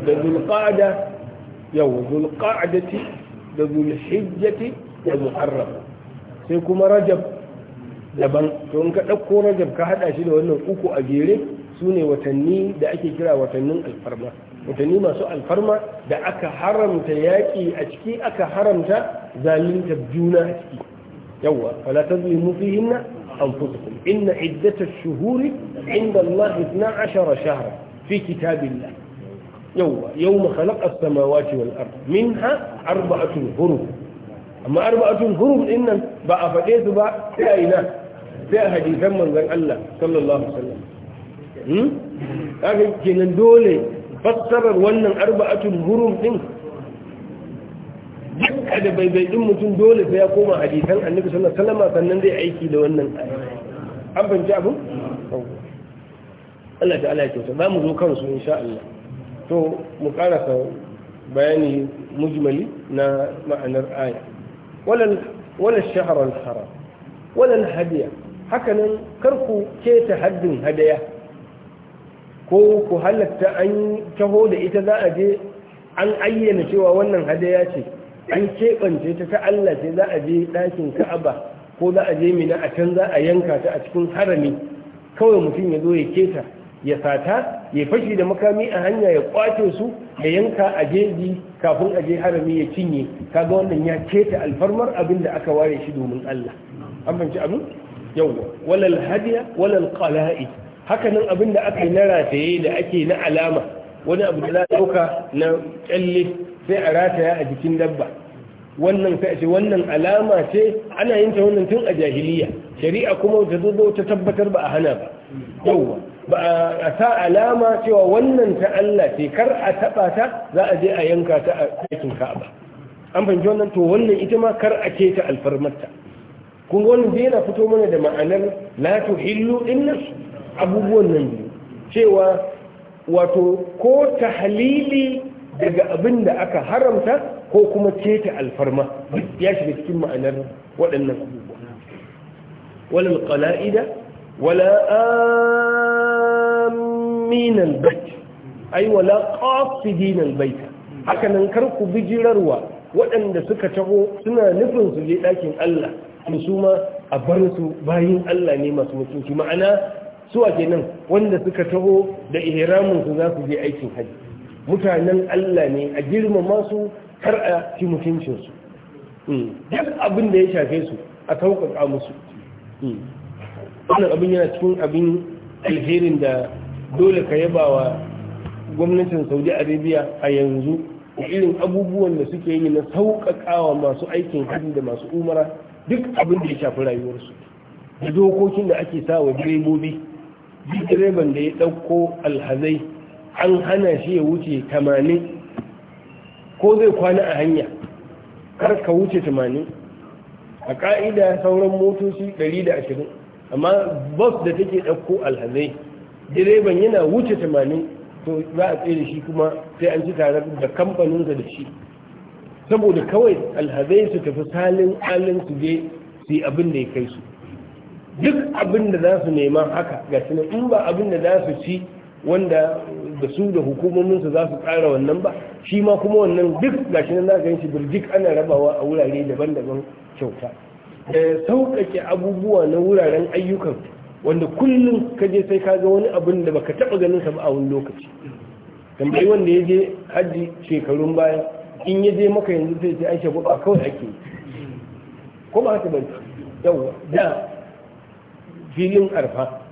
da zulƙada yau zulƙadati da zulhijjati da muharram sai kuma rajab daban to in ka ɗauko rajab ka haɗa shi da wannan uku a jere su ne watanni da ake kira watannin alfarma watanni masu alfarma da aka haramta yaƙi a ciki aka haramta zalinta juna a ciki يوا فلا تظلموا فيهن أنفسكم إن عدة الشهور عند الله 12 شهرا في كتاب الله يوا يوم خلق السماوات والأرض منها أربعة هرم أما أربعة هرم إن بقى فديت بقى تأينا تأ حديثا من ذن الله صلى الله عليه وسلم لكن كنن دولي fassarar wannan أربعة hurum din a da bai din mutum dole sai ya koma hadisan annabi sallallahu alaihi wasallam sannan zai aiki da wannan an fahimci abu Allah ta'ala ya kyauta za mu zo su insha Allah to mu karasa bayani mujmali na ma'anar aya wala wala shahr al-haram wala hadiya hakanan karku keta haddin hadaya ko ku halatta an taho da ita za a je an ayyana cewa wannan hadaya ce an keɓance ta ta Allah sai za a je ɗakin ka'aba ko za a je mina a can za a yanka ta a cikin harami kawai mutum ya zo ya keta ya sata ya fashi da makami a hanya ya kwace su ya yanka a jeji kafin a je harami ya cinye kaga wannan ya keta alfarmar abin da aka ware shi domin Allah an fahimci abin yawwa walal hadiya walal qala'i hakanan abin da aka yi na rataye da ake na alama wani abu da za a ɗauka na kyalle sai a rataya a jikin dabba wannan wannan alama ce ana yin ta wannan tun a jahiliya shari'a kuma ta zo ta tabbatar ba a hana ba yawwa ba a sa alama cewa wannan ta Allah ce kar a taba ta za a je a yanka ta a cikin Ka'aba an fahimci wannan to wannan ita ma kar a ce ta alfarmarta kun ga wannan yana fito mana da ma'anar la tuhillu dinnan abubuwan nan biyu cewa wato ko tahlili daga abin da aka haramta ko kuma keta alfarma ya shiga cikin ma'anar waɗannan abubuwa wala alqala'ida wala amin albayt ay wala qasidin albayt haka nan kar ku bijirarwa waɗanda suka taho suna nufin su je ɗakin Allah to su ma a bar su bayin Allah ne masu mutunci ma'ana su a kenan wanda suka taho da ihramin su za su je aikin haji. mutanen Allah ne a girmama su kar a ci mutuncinsu hmm. duk abin da ya shafe su a sauƙaƙa musu hmm. wannan abin yana cikin abin alherin da dole ka yaba wa gwamnatin saudi arabia a yanzu da irin abubuwan da suke yi na sauƙaƙawa masu aikin hajji da masu umara duk abin da ya shafi rayuwarsu da dokokin da ake sa wa direbobi duk direban da ya ɗauko alhazai an hana shi ya wuce tamanin ko zai kwana a hanya kar ka wuce tamanin a ka'ida sauran motoci 120 amma bus da take ɗauko alhazai direban yana wuce tamanin to za a tsaye da shi kuma sai an ci tare da kamfaninsa da shi saboda kawai alhazai su tafi salin alin su je su yi abin da ya kai su duk abin da za su nema haka ga sinan in ba abin da za su ci wanda da su da hukumominsu za su tsara wannan ba shi ma kuma wannan duk gashi nan zaka ka shi birjik ana rabawa a wurare daban-daban kyauta da eh, sauƙaƙe abubuwa na wuraren ayyukan wanda kullum ka je sai ka ga wani abin da baka taɓa ganin sa ba a wani lokaci tambayi wanda ya je hajji shekarun baya in ya je maka yanzu sai ce an shafi ba kawai ake ko ba haka bane yawa da filin arfa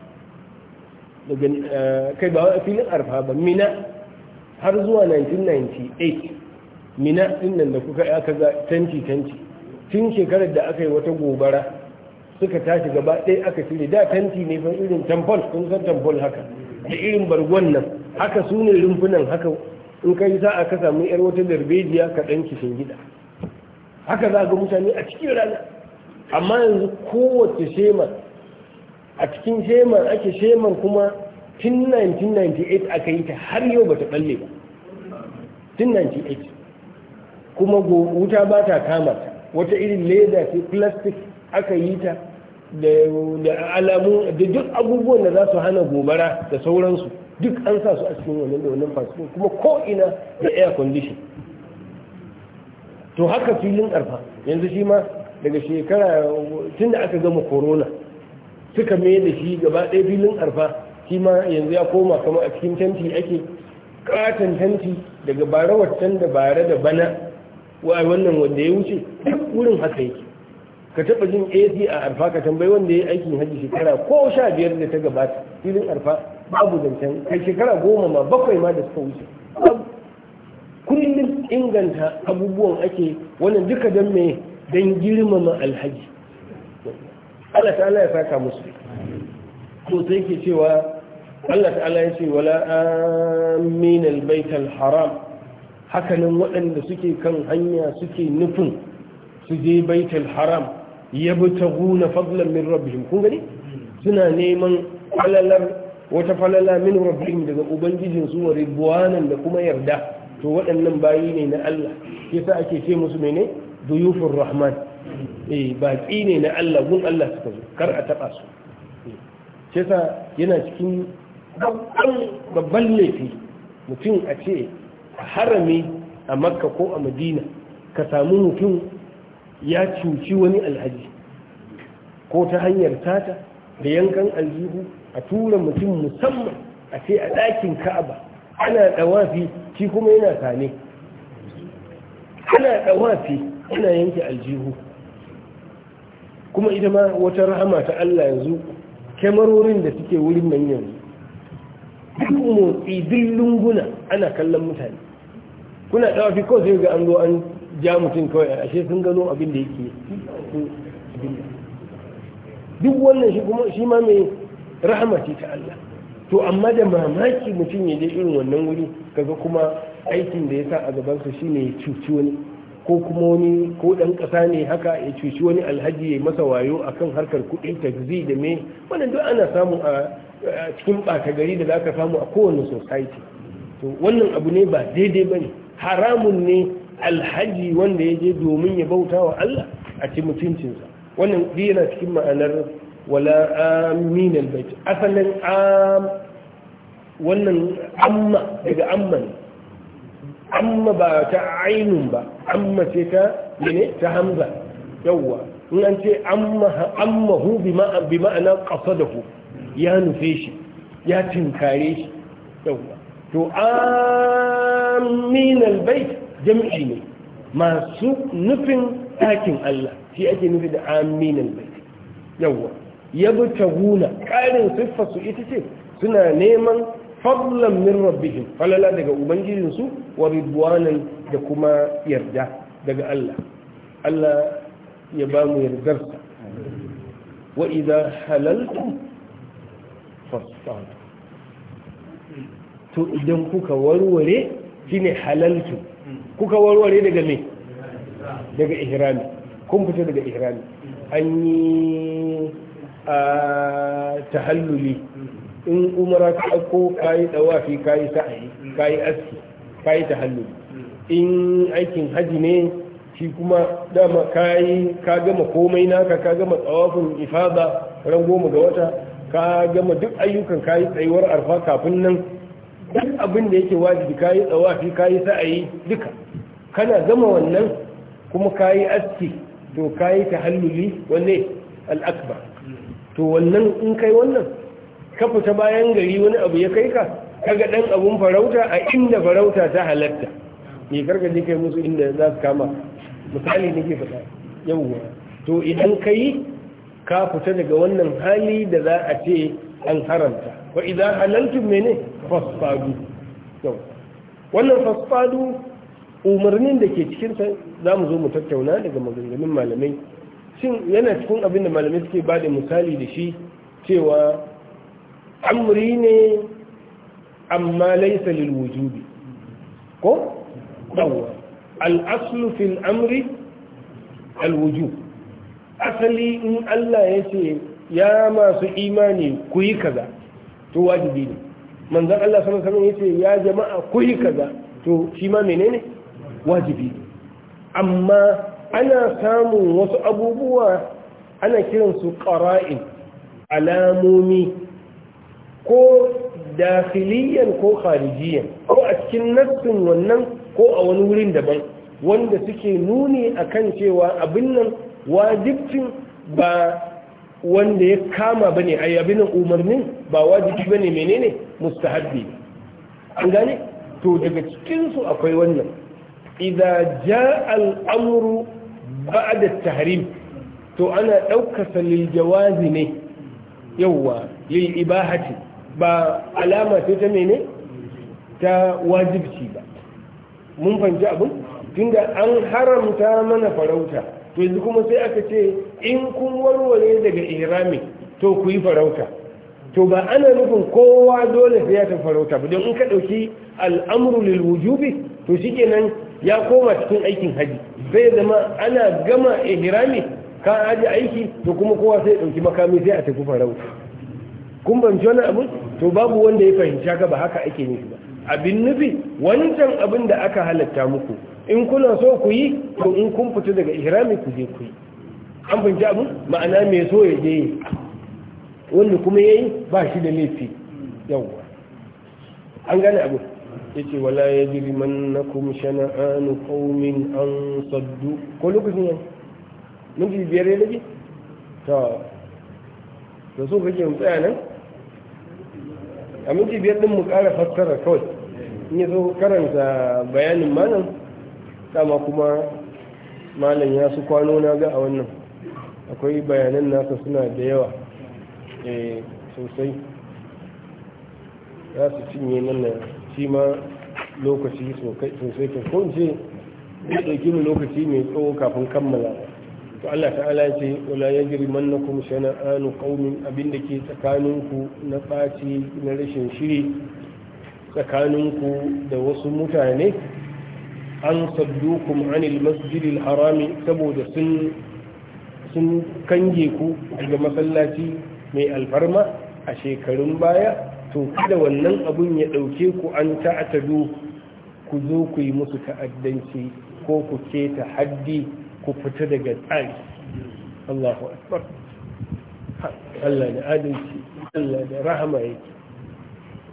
daga eh, kai ba filin arfa ba mina har zuwa 1998 mina din nan da kuka aka ga tanti tanti tun shekarar da aka yi wata gobara suka tashi gaba ɗaya aka cire da tanti ne fa irin tamfol kun san tamfol haka da irin bargon nan haka su ne rumfunan haka in kai sa'a ka samu yar wata darbejiya ka ɗan shin gida haka za ga mutane a cikin rana amma yanzu kowace shema a cikin sheman ake sheman kuma tun 1998 aka yi ta har yau ba ta balle ba tun 1998 kuma wuta ba ta kama wata irin leda ce plastic aka yi ta da alamu da duk abubuwan da za su hana gobara da sauransu duk an sa su a cikin wannan da wannan fasikin kuma ko'ina da air condition to haka filin karfa yanzu shi ma daga shekara tun da aka gama corona suka mai da shi gaba ɗaya filin arfa shi ma yanzu ya koma kama a cikin tanti ake katon tanti daga bara waccan da bara da bana wa wannan wanda ya wuce duk wurin haka yake ka taɓa jin ac a arfa ka tambayi wanda ya aikin hajji shekara ko sha biyar da ta gabata filin arfa babu zancen kai shekara goma ma bakwai ma da suka wuce kullum inganta abubuwan ake wannan duka don mai don girmama alhaji Allah ta'ala ya saka musu Ko sai ke cewa Allah ta'ala ya ce wala amin albaital haram hakanan waɗanda suke kan hanya suke nufin su je baitul haram ya bi na guna fadlan min rabbihim kun gani suna neman falalar wata falala min rabbihim daga ubangijin su wa buwanan da kuma yarda to waɗannan bayi ne na Allah yasa ake ce musu mene duyufur rahman eh baƙi ne na Allah gun Allah suka zo kar a taɓa su eh, shi yasa yana cikin babban laifi mutum a ce a harami a makka ko a madina ka samu mutum ya cuci wani alhaji ko ta hanyar tata da yankan aljihu a tura mutum musamman a ce a ɗakin ka'aba ana ɗawafi shi kuma yana sane ana ɗawafi ana yanke aljihu kuma ita ma wata rahama ta Allah yanzu kyamarorin da suke wurin nan yanzu duk motsi duk lunguna ana kallon mutane kuna da fi ko sai ga an zo an ja mutum kawai ashe sun gano abin da yake duk wannan shi kuma shi ma mai rahama ta Allah to amma da mamaki mutum ya je irin wannan wuri kaga kuma aikin da ya sa a su shine ya cuci wani ko kuma wani ko dan kasa ne haka ya cuci wani alhaji ya masa wayo a kan harkar kudin taxi da me wannan duk ana samu a cikin ɓata gari da zaka samu a kowane society to wannan abu ne ba daidai bane haramun ne alhaji wanda ya je domin ya bauta wa Allah a ci mutuncinsa wannan duk yana cikin ma'anar wala bai albayt asalin am wannan amma daga amman amma ba ta ainun ba amma ce ta ne ta hamza yawwa in an ce amma hu bi ma'ana ƙasa da hu. ya nufe shi ya tinkare shi yawwa to amin albai jam'i ne masu nufin ɗakin Allah shi ake nufi da amin albai yawwa ya bi ta guna ƙarin siffarsu ita ce suna neman fadlan min rabbihim falala daga su wa ridwanan da kuma yarda daga Allah Allah ya ba mu sa wa idza halaltum fasfad to idan kuka warware shine halaltu kuka warware daga me daga ihrami kun fita daga ihrami an yi a ah, tahalluli in umara ka ɗauko ka yi ɗawafi ka yi sa'ayi ka yi aski ka yi in aikin haji ne shi kuma dama ka yi ka gama komai naka ka gama tsawafin ifada ran goma ga wata ka gama duk ayyukan ka yi tsayuwar arfa kafin nan duk abin da yake wajibi ka yi tsawafi ka yi sa'ayi duka kana gama wannan kuma ka yi aski to ka yi tahalluli wanne al'akbar to wannan in kai wannan ka fita bayan gari wani abu ya kai ka kaga dan abun farauta a inda farauta ta halatta me karka je kai musu inda za su kama misali nake faɗa yawwa to idan kai ka fita daga wannan hali da za a ce an haramta wa idan halaltum mene fasfadu wannan fasfadu umarnin da ke cikin sa za mu zo mu tattauna daga maganganun malamai shin yana cikin abin da malamai suke ba da misali da shi cewa amri ne amma laisa lil wujubi ko dawwa al aslu fil amri al wujub asali in Allah ya ce ya masu imani ku yi kaza to wajibi ne manzon Allah sallallahu alaihi wasallam ya ce ya jama'a ku yi kaza to shi ma menene wajibi ne amma ana samun wasu abubuwa ana kiransu ƙara'in alamomi ko dafiliyan ko kharijiyan ko a cikin nassin wannan ko a wani wurin daban wanda suke nuni akan cewa abin nan wajibcin ba wanda ya kama bane ai abin umarnin ba wajibi bane menene mustahabbi an gane to daga cikin akwai wannan idza ja al-amru da at to ana daukasa lil jawazi ne yawa lil ibahati ba alama ce ta mene ta wajibci ba mun fahimci abin tunda an haramta mana farauta to yanzu kuma sai aka ce in kun warware daga irami to ku yi farauta to ba ana nufin kowa dole sai ya ta farauta ba don in ka ɗauki al'amru lil wujubi to shikenan ya koma cikin aikin haji Sai zama ana gama ihrami ka aji aiki to kuma kowa sai ya ɗauki makami sai a tafi farauta kun banci wani abin to babu wanda ya fahimci haka ba haka ake nufi ba abin nufi wancan abin da aka halatta muku in kuna so ku yi to in kun fita daga ihrami ku je ku yi an fahimci abin ma'ana mai so ya je yi wanda kuma ya yi ba shi da laifi yawwa an gane abu ya ce wala ya ji man na kuma na kaumin an saddu ko lokacin yan mun ji biyar ya lage ta da so kake mu tsaya nan a minti biyar din mu kara fassara kawai in yi zo karanta bayanin malam dama kuma malam ya su kwano na ga a wannan akwai bayanan nasa suna da yawa eh, sosai za su cinye mana shi ma lokaci sosai ko in ce zai ɗauki mu lokaci mai tsawo kafin kammala to Allah ta'ala ya ce wala yajri mannakum shana'anu qaumin da ke tsakaninku na baci na rashin shiri tsakaninku da wasu mutane an saddukum anil masjidi harami saboda sun sun kange ku daga masallaci mai alfarma a shekarun baya to kada wannan abun ya ɗauke ku an ta'atadu ku zo ku yi musu ta'addanci ko ku keta haddi ku fita daga tsari Allahu akbar Allah da adalci Allah da rahama yake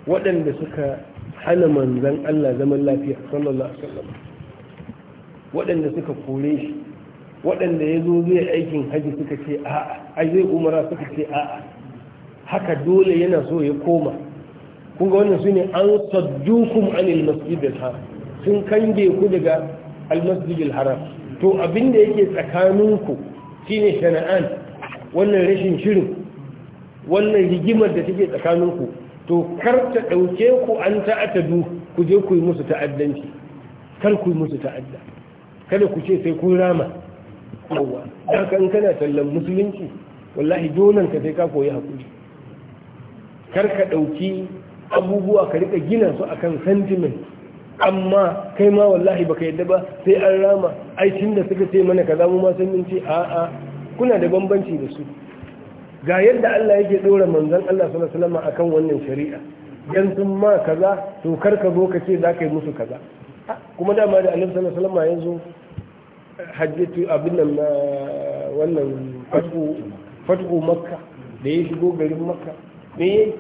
waɗanda suka hana manzan Allah zaman lafiya sallallahu alaihi wasallam waɗanda suka kore shi waɗanda ya zo zai aikin haji suka ce a'a a zai umara suka ce a'a haka dole yana so ya koma kun ga wannan su ne an saddukum anil masjidil haram sun kange ku daga al masjidil haram to abin da yake tsakaninku shine shana'an wannan rashin shirin wannan rigimar da take tsakaninku to kar ta ɗauke ku an ta'atadu ku je ku yi musu ta'addanci kar ku yi musu ta'adda kada ku ce sai kun rama yawa dan kan kana tallan musulunci wallahi donan ka sai ka koyi hakuri kar ka ɗauki abubuwa ka rika gina su akan sentiment amma kai ma wallahi baka yadda ba sai an rama ai tun da suka ce mana kaza mu ma san mun ce a'a kuna da bambanci da su ga yadda Allah yake dora manzon Allah sallallahu alaihi wasallam akan wannan shari'a dan sun ma kaza to kar ka zo ka ce za ka yi musu kaza kuma dama da Allah sallallahu alaihi wasallam yanzu hajjatu abin nan na wannan fatu fatu makka da ya shigo garin makka me yi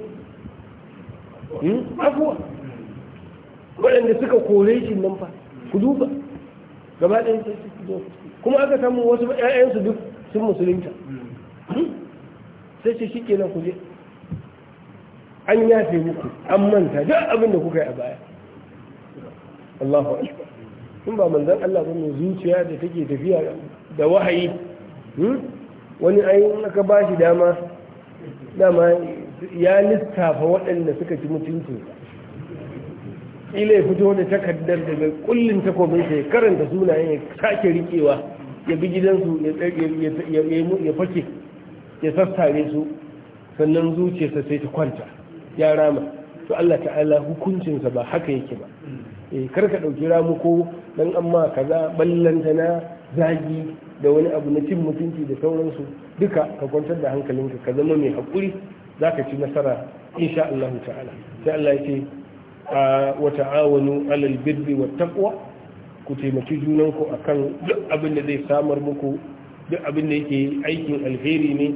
hmm? afuwa waɗanda suka kore shi nan fa ku duba gaba ɗaya sai su zo kuma aka samu wasu ƴaƴansu duk sun musulunta sai ce shi kenan ku je an yafe muku an manta duk abin da kuka yi a baya Allahu akbar in ba manzon Allah ba mai zuciya da take tafiya da wahayi hmm? wani ayi aka ba shi dama dama ya lissafa waɗanda suka ci mutuncinsa ila ya fito da takardar daga kullin takobin ya karanta sunayen ya sake rikewa ya bi gidansu ya fake ya sassare su sannan zuciyarsa sai ta kwanta ya rama to Allah ta'ala hukuncinsa ba haka yake ba eh kar ka dauki ramuko dan amma kaza ballanta na zagi da wani abu na cin mutunci da sauransu duka ka kwantar da hankalinka ka zama mai hakuri zaka ci nasara insha Allah ta'ala sai Allah ya ce wa ta'awanu alal birri wa taqwa ku taimaki junanku akan duk abin da zai samar muku duk abin da yake aikin alheri ne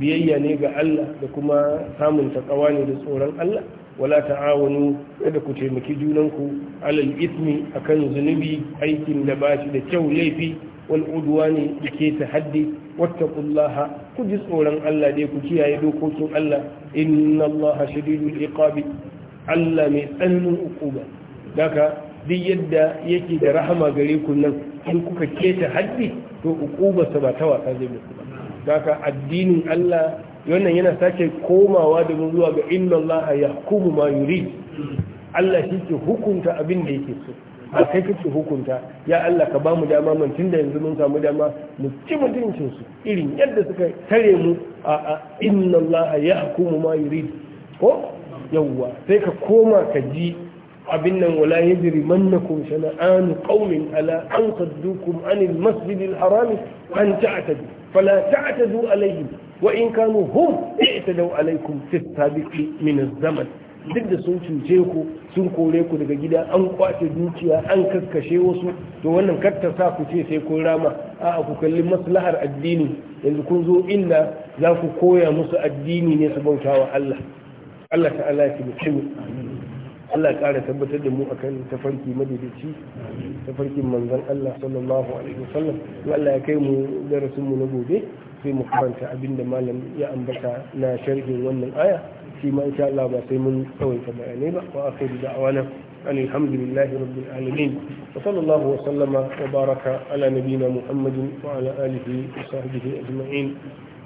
biyayya ne ga Allah da kuma samun takawa ne da tsoron Allah wala ta'awanu kada ku taimaki junanku alal ismi akan zunubi aikin da ba shi da kyau laifi wal udwani da ke tahaddi wattaqullaha ku ji tsoron Allah dai ku kiyaye dokokin Allah inna Allah shadidul iqabi Allah mai tsananin ukuba daga duk yadda yake da rahama gare ku nan in kuka keta haddi to sa ba ta wasa zai muku daga addinin Allah wannan yana sake komawa da mu zuwa ga inna Allah ya hukumu ma yuri Allah shi ke hukunta abin da yake so ba kai kake hukunta ya Allah ka bamu dama mun tunda yanzu mun samu dama mu ci mutuncin su irin yadda suka tare mu a inna Allah ya hukumu ma yuri ko yawwa sai ka koma ka ji abin nan wala yajri mannakum shana'an qaumin ala an saddukum anil masjidil haram an ta'tadu fala ta'tadu alaihim wa in kanu hum i'tadaw alaikum fi sabiqi min az-zaman duk da sun cuce ku sun kore ku daga gida an kwace dukiya an kakkashe wasu to wannan karta sa ku ce sai ko rama a ku kalli maslahar addini yanzu kun zo inda za ku koya musu addini ne su bauta wa Allah Allah ta'ala ya taimake mu Allah ya ƙara tabbatar da mu akan tafarki madaidaici tafarkin manzon Allah sallallahu alaihi wasallam Allah ya kai mu darasin mu na gobe sai mu karanta abinda malam ya ambata na sharhin wannan aya shi ma insha Allah ba sai mun tsawaita bayanai ba wa akhiru da'wana أن الحمد لله رب العالمين وصلى الله وسلم وبارك على نبينا محمد وعلى آله وصحبه أجمعين